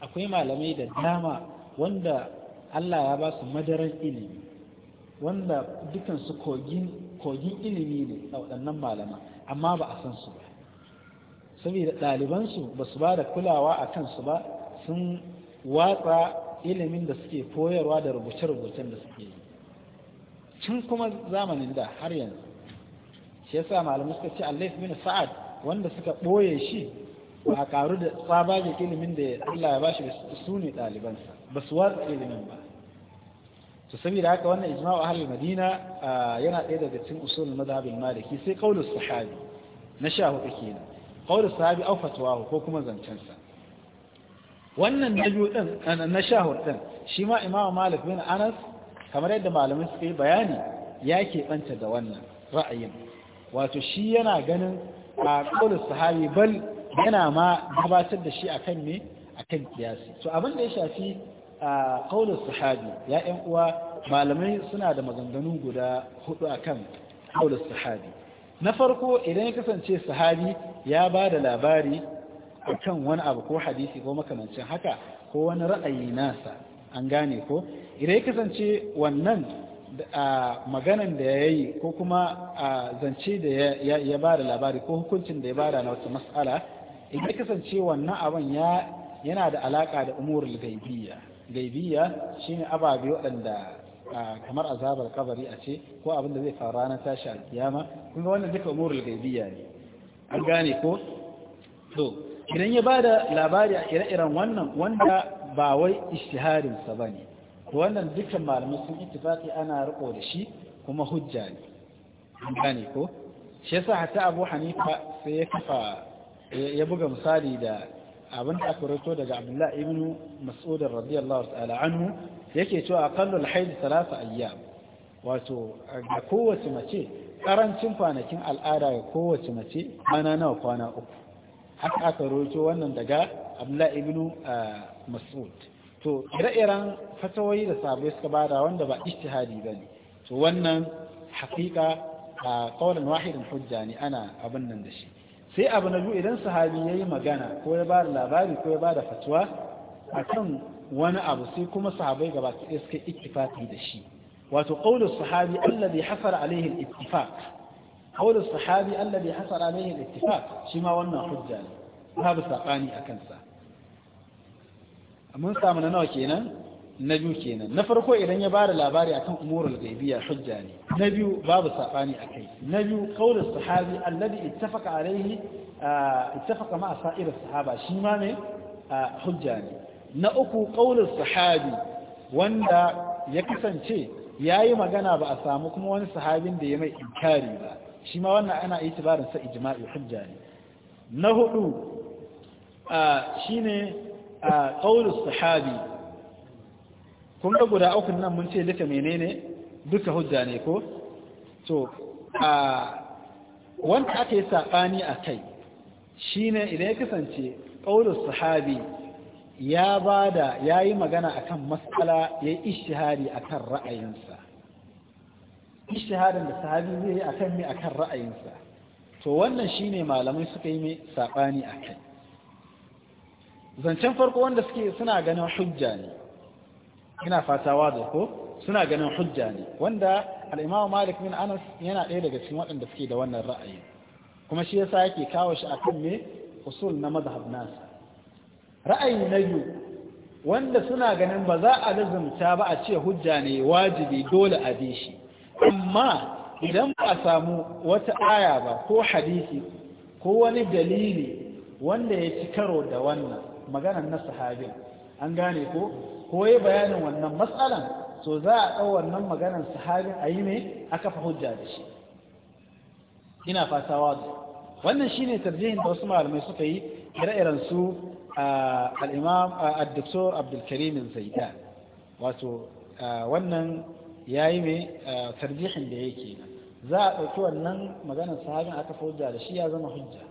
akwai malamai da dama wanda Allah ya ba su madaran ilimi wanda dukansu kogin ilimi ne a waɗannan malama amma ba a san su ba saboda ɗalibansu ba su ba da kulawa a kansu ba sun watsa ilimin da suke koyarwa da rubuce-rubucen da suke yi cin kuma zamanin da har yanzu shi yasa malamai suka ce Allah mini sa'ad wanda suka ɓoye shi ba a karu da tsabajin ilimin da Allah ya bashi su ne ɗalibansa ba su watsa ilimin ba to saboda haka wannan ijma'u ahli madina yana ɗaya daga cikin usulul mazabin maliki sai qaulus sahabi na sha hudu kenan qaulus sahabi aw fatwa ko kuma zancen sa wannan na biyu din na sha din shi ma imamu malik bin anas kamar yadda malamin suka yi bayani ya banta da wannan ra'ayin wato shi yana ganin a qaulus sahabi bal yana ma gabatar da shi akan me akan kiyasi to abin da ya shafi a kaunar sahabi ya ‘yan uwa malamai suna da maganganu guda hudu akan kaunar sahabi na farko idan ya kasance sahabi ya ba da labari kan wani abu ko hadisi ko makamancin haka ko wani ra'ayi nasa an gane ko idan ya kasance wannan a maganan da ya yi ko kuma a zance da ya ba da labari ko hukuncin da ya ba da na wata matsala idan ya kasance wannan abin yana da alaka da umurul gaibiya gaibiya shine ababe waɗanda kamar azabar kabari a ce ko abin da zai faru ranar tashi a kun ga wannan duka umurul gaibiya ne an gane ko to idan ya bada labari a ire-iren wannan wanda ba wai ishtiharin sa bane to wannan dukkan malamai sun ittifaqi ana riko da shi kuma hujja ne an gane ko shi yasa hatta Abu Hanifa sai ya kafa ya buga misali da abin da aka rito daga abdullahi ibn mas'ud radiyallahu ta'ala anhu yake cewa kallon hayd thalatha ayyam wato ga kowace mace karancin kwanakin al'ada ga kowace mace kwana nawa kwana uku haka aka rito wannan daga abdullahi ibn ah, mas'ud to ire-iren fatawoyi da sabai suka bada wanda ba ijtihadi bane to wannan haƙiƙa a ah, qawlan wahidin hujja ne ana abin nan da shi sai abu na biyu idan sahabi ya yi magana ko ya ba da labari ko ya ba da fatuwa a kan wani abu sai kuma sahabai gaba ta iska ittifaqi da shi wato ƙaunar sahabi alladhi hasara alaihi al-ittifaq ƙaunar sahabi alladhi hasara alaihi al-ittifaq shi ma wannan hujja ne babu sabani a kansa. mun samu na nawa kenan na biyu kenan na farko idan ya bada labari akan umurul gaibiya hujja ne na biyu babu a akai na biyu qaulus sahabi alladhi ittafaqa alayhi ittafaqa ma sa'ir sahaba shi ma ne hujja ne na uku qaulus sahabi wanda ya kasance yayi magana ba a samu kuma wani sahabin da ya mai inkari ba shi ma wannan ana itibarin sa ijma'i hujja ne na hudu shine qaulus sahabi kun guda uku nan mun ce duka menene duka hujja ne ko to a wanda aka yi saɓani a kai shine idan ya kasance ƙaunar sahabi ya ba da ya yi magana akan kan matsala ya yi ishihari a ra'ayinsa ishiharin da sahabi zai yi a kan a kan ra'ayinsa to wannan shine malamai suka yi mai saɓani a kai zancen farko wanda suke suna ganin hujja ne ina fatawa da ko suna ganin hujja ne wanda al'imamu malik bin anas yana ɗaya daga cikin waɗanda suke da wannan ra'ayi kuma shi yasa yake kawo shi akan me usul na mazhab nasa ra'ayi na biyu wanda suna ganin ba za a lazumta ba a ce hujja ne wajibi dole a bi shi amma idan ba a samu wata aya ba ko hadisi ko wani dalili wanda ya ci karo da wannan maganar na sahabin an gane ko ko ya bayanin wannan matsalan to za a ɗau wannan maganar sahabin a yi ne a kafa hujja da shi ina fata wazo wannan shine tarjihin da wasu malamai suka yi ire-iren su al-imam al-doktor abdulkarim wato wannan ya yi mai tarjihin da yake za a ɗauki wannan maganar sahabin aka fa hujja da shi ya zama hujja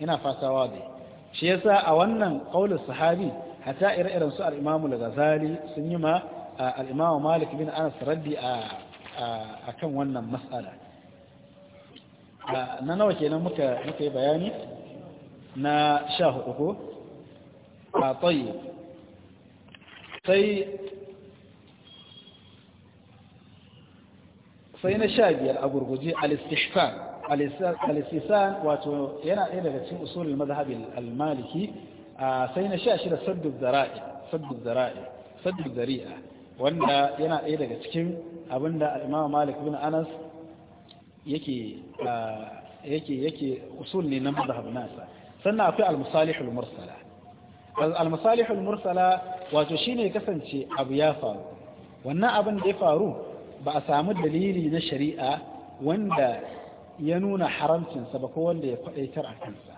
ina fata wazo shi yasa a wannan ƙaunar sahabi hatta ire-iren su al'imamu da gazali sun yi ma al'imamu malik bin anas raddi a kan wannan matsala na nawa kenan muka yi bayani na sha hudu ko a tsaye sai sai na sha biyar a gurguje al-istishfan al-istisan wato yana ɗaya daga cikin usulul mazhabin al-maliki sai na sha shida saddu zara'i zari'a wanda yana ɗaya daga cikin abinda al Malik bin Anas yake yake yake usul ne na mazhab nasa sannan akwai al-masalih al-mursala al al-mursala wato shine kasance abu ya faru wannan abin da ya faru ba a samu dalili na shari'a wanda ya nuna haramcinsa ba ko wanda ya kwadaitar a kansa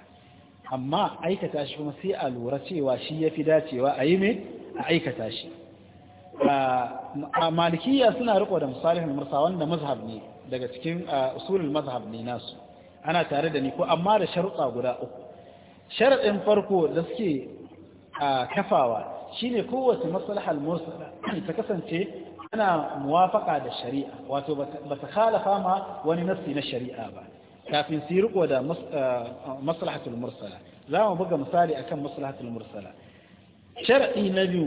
amma aikata shi kuma sai a lura cewa shi ya fi dacewa a yi mai a aikata shi a malikiya suna riko da misalihin mursa wanda mazhab ne daga cikin usulul mazhab ne nasu ana tare da ni ko amma da sharuɗa guda uku sharaɗin farko da suke kafawa shine kowace maslahal mursala ta kasance ana muwafaka da shari'a wato ba ta khalafa ma wani nassi na shari'a ba kafin su yi riko da eh, maslahatul mursala za mu buga misali akan maslahatul mursala shar'i na biyu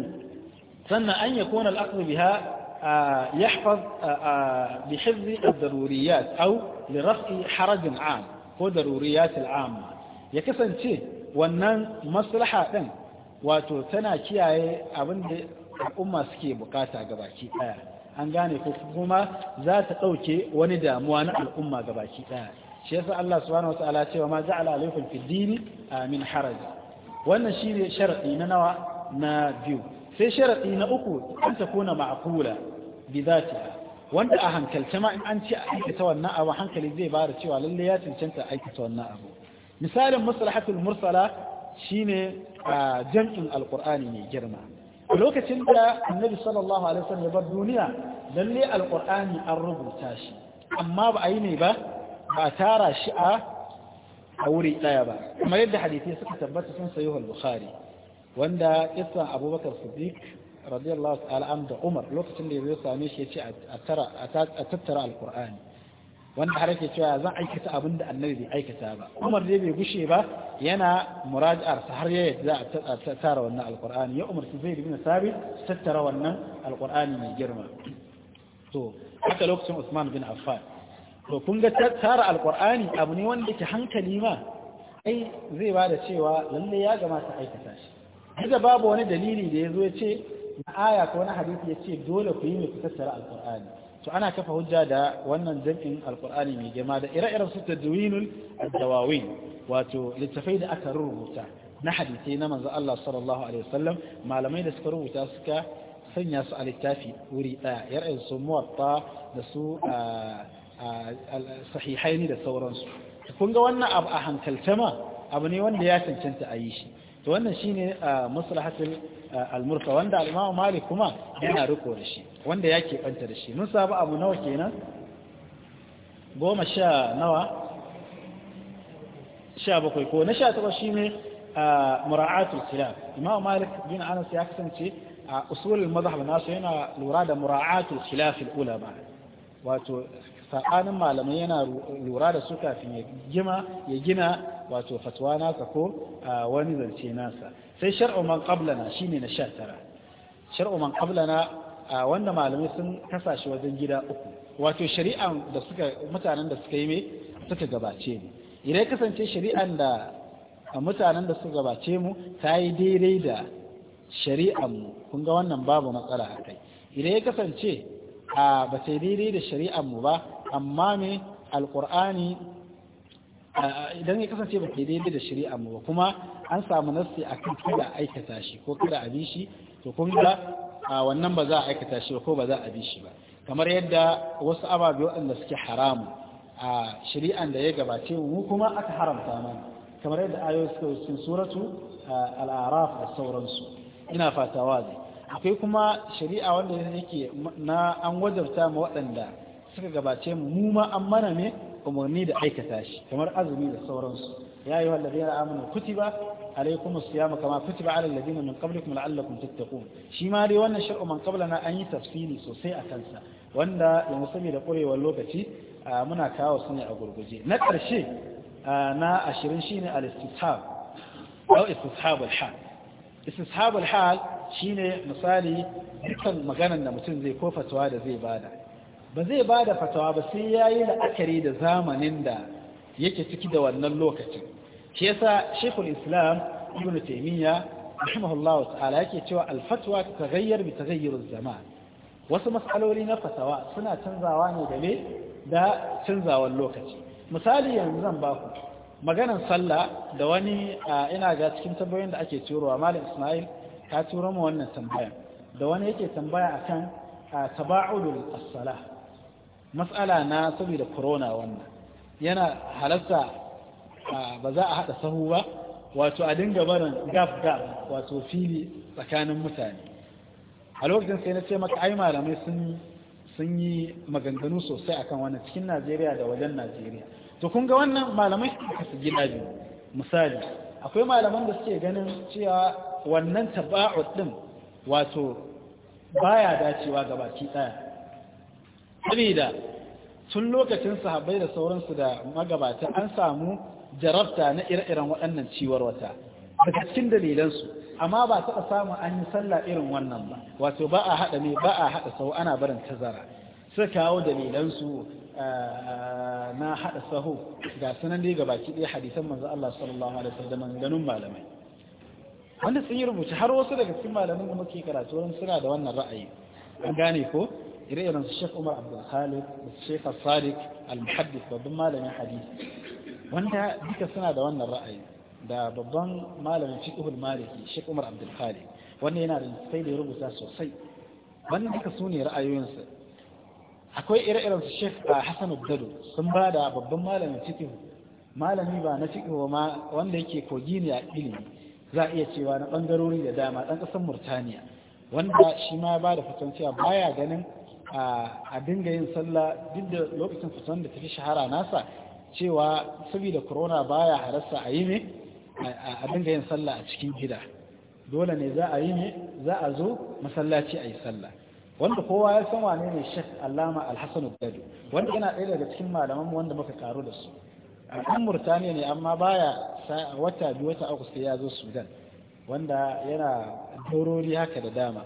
sannan an ya kona al'aqdu biha yahfaz bi hifzi ad-daruriyat aw li raf'i harajin 'am ko daruriyat al-'amma ya kasance wannan maslaha din wato tana kiyaye abin da al'umma suke bukata gabaki daya an gane ko kuma za ta dauke wani damuwa na al'umma gabaki daya shi yasa Allah subhanahu wataala cewa ma ja'ala alaikum fid dini min haraj wannan shine sharadi na nawa na biyu sai sharadi na uku an ta kuna ma'qula bi wanda a hankalce ma in an ce aiki ta wannan abu hankali zai bada cewa lalle ya cancanta ta wannan abu misalin maslahatul mursala shine jam'in alqur'ani ne girma lokacin da annabi sallallahu alaihi wasallam ya bar duniya lalle alqur'ani an rubuta shi amma ba a yi ne ba ba tara shi a wuri ɗaya ba kuma yadda hadithai suka tabbata sun sayi bukhari wanda kisan abubakar siddiq radiyallahu ta'ala an da umar lokacin da ya same shi ya ce a tattara alkur'ani wanda har yake cewa zan aikata abin da annabi bai aikata ba umar dai bai gushe ba yana muraja'ar sa har ya za a tattara wannan alkur'ani ya umarci zai bin sabit tattara wannan alkur'ani mai girma to haka lokacin usman bin affan to kun ga tara alkur'ani abu ne wanda ke hankali ma ai zai ba da cewa lalle ya gamata aikata shi duka babu wani dalili da ya zo ya ce na aya ko na hadisi ya ce dole ku yi mai ku tattara alkur'ani to ana kafa hujja da wannan jam'in alkur'ani mai girma da ire-iren su tadwinul dawawin wato littafai da aka rubuta na hadisai na manzo Allah sallallahu alaihi wasallam malamai da suka rubuta suka sanya su a littafi wuri daya ire-iren su muwatta da su ah, sahihain da sauransu kun ga wannan abu a hankalce ma abu ne wanda ya cancanta a yi shi to wannan shine maslahatul al wanda al-Imam Malik kuma yana riko da shi wanda ya keɓanta da shi mun saba abu nawa kenan goma sha nawa sha bakwai ko na sha taba mura'atul khilaf Imam Malik bin Anas ya kasance a usulul madhhab nasu yana lura da mura'atul khilaf al wato tsakanin malamai yana lura da su kafin ya gima ya gina wato fatwa nasa ko wani zance nasa sai shar'u man qablana shine na 19 shar'u man qablana wanda malamai sun kasashi wajen gida uku wato shari'an da suka mutanen da suka yi me suka gabace mu idan kasance shari'an da mutanen da suka gabace mu ta yi daidai da shari'an mu kun ga wannan babu matsala a kai idan ya kasance a ba sai daidai da shari'ar mu ba amma me alkur'ani idan ya kasance ba ke daidai da shari'a ba kuma an samu nassi a kan kada aikata shi ko kada a bi shi to kun ga wannan ba za a aikata shi ba ko ba za a bi shi ba kamar yadda wasu ababe waɗanda suke haramu a shari'an da ya gabace mu kuma aka haramta mana kamar yadda ayoyi suka cikin suratu al'araf da sauransu ina fata wazi akwai kuma shari'a wanda yake na an wajabta ma waɗanda suka gabace mu mu ma an mana ne umarni da aikata shi kamar azumi da sauransu ya ayyuha alladhina amanu kutiba alaykum as kama kutiba ala alladhina min qablikum la'allakum tattaqun shi ma dai wannan shar'u man qablana an yi tafsiri sosai a kansa wanda yanzu saboda kurewar lokaci muna kawo su ne a gurguje na ƙarshe na ashirin shine al-istishab aw istishab al-hal istishab al-hal shine misali dukkan maganar da mutum zai ko fatawa da zai bada ba zai ba da fatawa ba sai ya yi la'akari da zamanin da yake ciki da wannan lokacin shi yasa shekul islam ibn taimiyya rahimahullah ta'ala yake cewa alfatwa ta tagayyar bi tagayyarun zama wasu matsaloli na fatawa suna canzawa ne da ne da canzawan lokaci misali yanzu zan baku maganan sallah da wani ina ga cikin tambayoyin da ake turowa malam ismail ka turo mu wannan tambayan da wani yake tambaya akan taba'udul as-salah matsala na saboda corona wannan yana halarta ba za a haɗa sahu ba wato a dinga barin gab gab wato fili tsakanin mutane a lokacin sai na ce maka ai malamai sun yi maganganu sosai akan wannan cikin Najeriya da wajen Najeriya to kun ga wannan malamai suka su gina biyu misali akwai malaman da suke ganin cewa wannan taba'ud din wato baya dacewa baki daya sabida tun lokacin sahabai da sauransu da magabata an samu jarabta na ire-iren waɗannan ciwar wata daga cikin dalilansu amma ba taɓa samu an yi sallah irin wannan ba wato ba a haɗa ne ba a haɗa sau ana barin tazara suka kawo dalilansu eh, na haɗa sahu, ga sunan dai gabaki ɗaya hadisan manzo Allah sallallahu alaihi wasallam ganin malamai wanda sun yi rubuce har wasu daga cikin malaman da muke karatu suna da wannan ra'ayi an gane ko ire-iren su Sheikh Umar Abdul Khalid da Sheikh Sadiq al-Muhaddis babban malamin hadisi wanda duka suna da wannan ra'ayi da babban malamin fiqhul maliki Sheikh Umar Abdul Khalid wanda yana da sai da rubuta sosai wannan duka su ra'ayoyinsa akwai ire-iren su Sheikh ah, Hassan Abdul sun ba da babban malamin fiqh malami ba na fiqh ma wanda yake kogi ne a ilimi za a iya cewa na bangarori da dama dan kasar Murtaniya wanda shi ma ba da fatan baya ganin a dinga yin sallah duk da lokacin fitan da tafi shahara nasa cewa saboda corona baya harassa a yi ne a dinga yin sallah a cikin gida dole ne za a yi ne za a zo masallaci a yi sallah wanda kowa ya san wane ne shek alama alhassan gado wanda yana ɗaya daga cikin malaman wanda muka karu da su a kan murtaniya ne amma baya wata biyu wata uku sai ya zo sudan wanda yana dorori haka da dama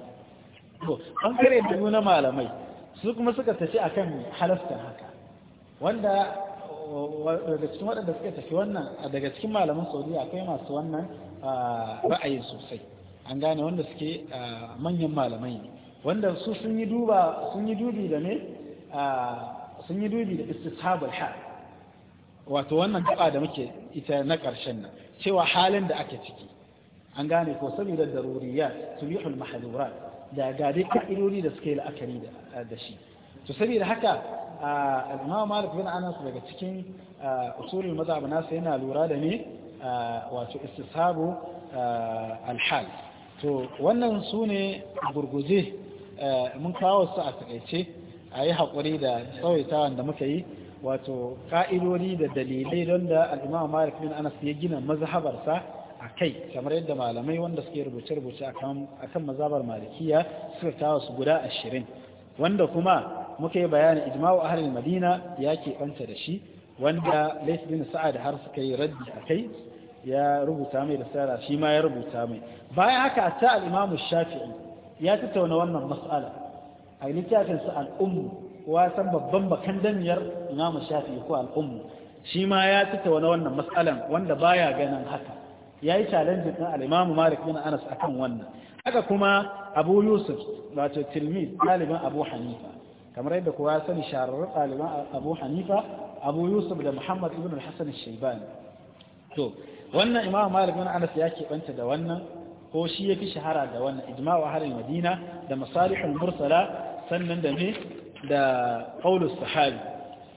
to an kare da na malamai su kuma suka tafi akan halastar haka wanda daga cikin waɗanda suka tafi wannan daga cikin malaman saudiya akwai masu wannan ra'ayi sosai an gane wanda suke manyan malamai ne wanda su sun yi duba sun yi dubi da ne sun yi dubi da istishabul ha wato wannan gaba da muke ita na ƙarshen nan cewa halin da ake ciki an gane ko saboda daruriyat tulihul mahdurat da ga dai ka'idodi da suka yi la'akari da shi to saboda haka al'umma malik bin anas daga cikin usulul mazhab nasa yana lura da ne wato istisabu alhal to wannan sune ne gurguje mun kawo su a takaice a yi haƙuri da tsawaitawan da muka yi wato ƙa'idodi da dalilai don da al'umma malik bin anas ya gina mazhabarsa a kai kamar yadda malamai wanda suke rubuce-rubuce a kan mazabar malikiya suka kawo su guda ashirin wanda kuma muka yi bayanin ijma'u ahalin madina ya keɓanta da shi wanda lais bin sa'ad har suka yi raddi a kai ya rubuta mai da sara shi ma ya rubuta mai bayan haka a ta al'imamu shafi'i ya tattauna wannan mas'ala a littafin su al'ummu kowa san babban bakan damiyar imamu shafi'i ko al'ummu shi ma ya tattauna wannan matsalar wanda baya ganin haka ya yi challenge ɗin al'imamu malik bin anas akan wannan haka kuma abu yusuf wato tilmiz ɗaliban abu hanifa kamar yadda kowa ya sani shahararren ɗaliban abu hanifa abu yusuf da muhammad ibn al-hassan shaibani to wannan imamu malik bin anas ya keɓanta da wannan ko shi ya fi shahara da wannan ijma'u halin madina da masalihul mursala sannan da ne da qaulus sahabi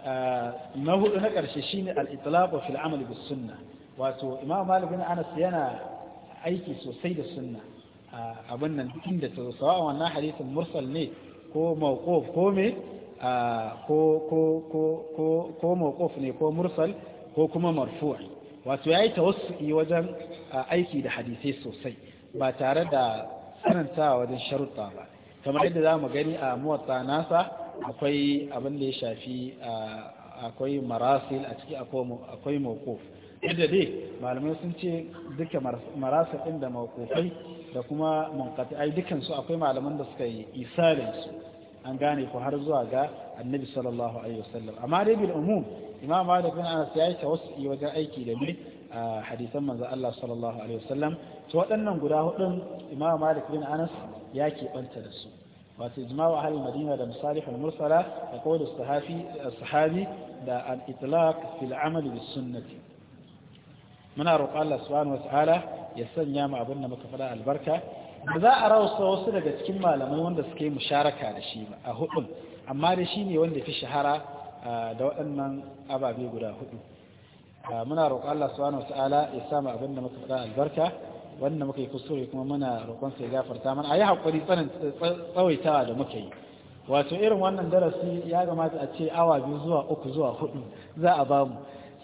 ah, na hudu na karshe shine al-itlaq fil amal bis sunnah wato imam malik anas yana aiki sosai da sunna abin nan inda ta sawa wannan hadisin mursal ne ko mawquf ko me ko ko ko ko mawquf ne ko mursal ko kuma marfu'i wato yayi tawassu'i wajen aiki da hadisai sosai ba tare da tsanantawa wajen sharuɗa ba kamar yadda za mu gani a muwatta nasa akwai abin da ya shafi akwai marasil a ciki akwai mawquf yadda dai malamai sun ce duka marasa ɗin da makofai da kuma munkati ai dukansu akwai malaman da suka yi isalinsu an gane ku har zuwa ga annabi sallallahu alaihi wasallam amma dai bil umum imam malik bin anas ya yi tawassuli wajen aiki da ni a hadisan manzo Allah sallallahu alaihi wasallam to waɗannan guda hudun imam malik bin anas ya keɓanta da su wato ijma'u ahli madina da misalih al-mursala da qawl as-sahabi da al-itlaq fil amal bis sunnati muna roƙon Allah subhanahu wata'ala ya sanya mu abin da muka faɗa albarka ba za a rausa wasu daga cikin malamai wanda suke musharaka da shi a hudun amma da shi ne wanda fi shahara da waɗannan ababe guda hudu muna roƙon Allah subhanahu wata'ala ya sa mu abin da muka faɗa albarka wanda muka yi kuskure kuma muna roƙon sai gafarta mana a yi haƙuri tsawaitawa da muka yi wato irin wannan darasi ya gamata a ce awa biyu zuwa uku zuwa hudu za a bamu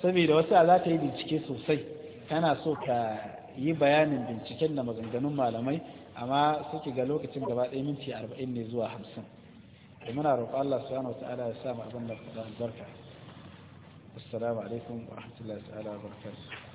saboda wasu za ta yi bincike sosai kana so ka yi bayanin binciken da maganganun malamai amma suke ga lokacin gaba ɗaya minti arba'in ne zuwa hamsin da muna roƙo Allah yana wa ala ya sa mu abin da barka assalamu alaikum wa rahmatullahi ta'ala wa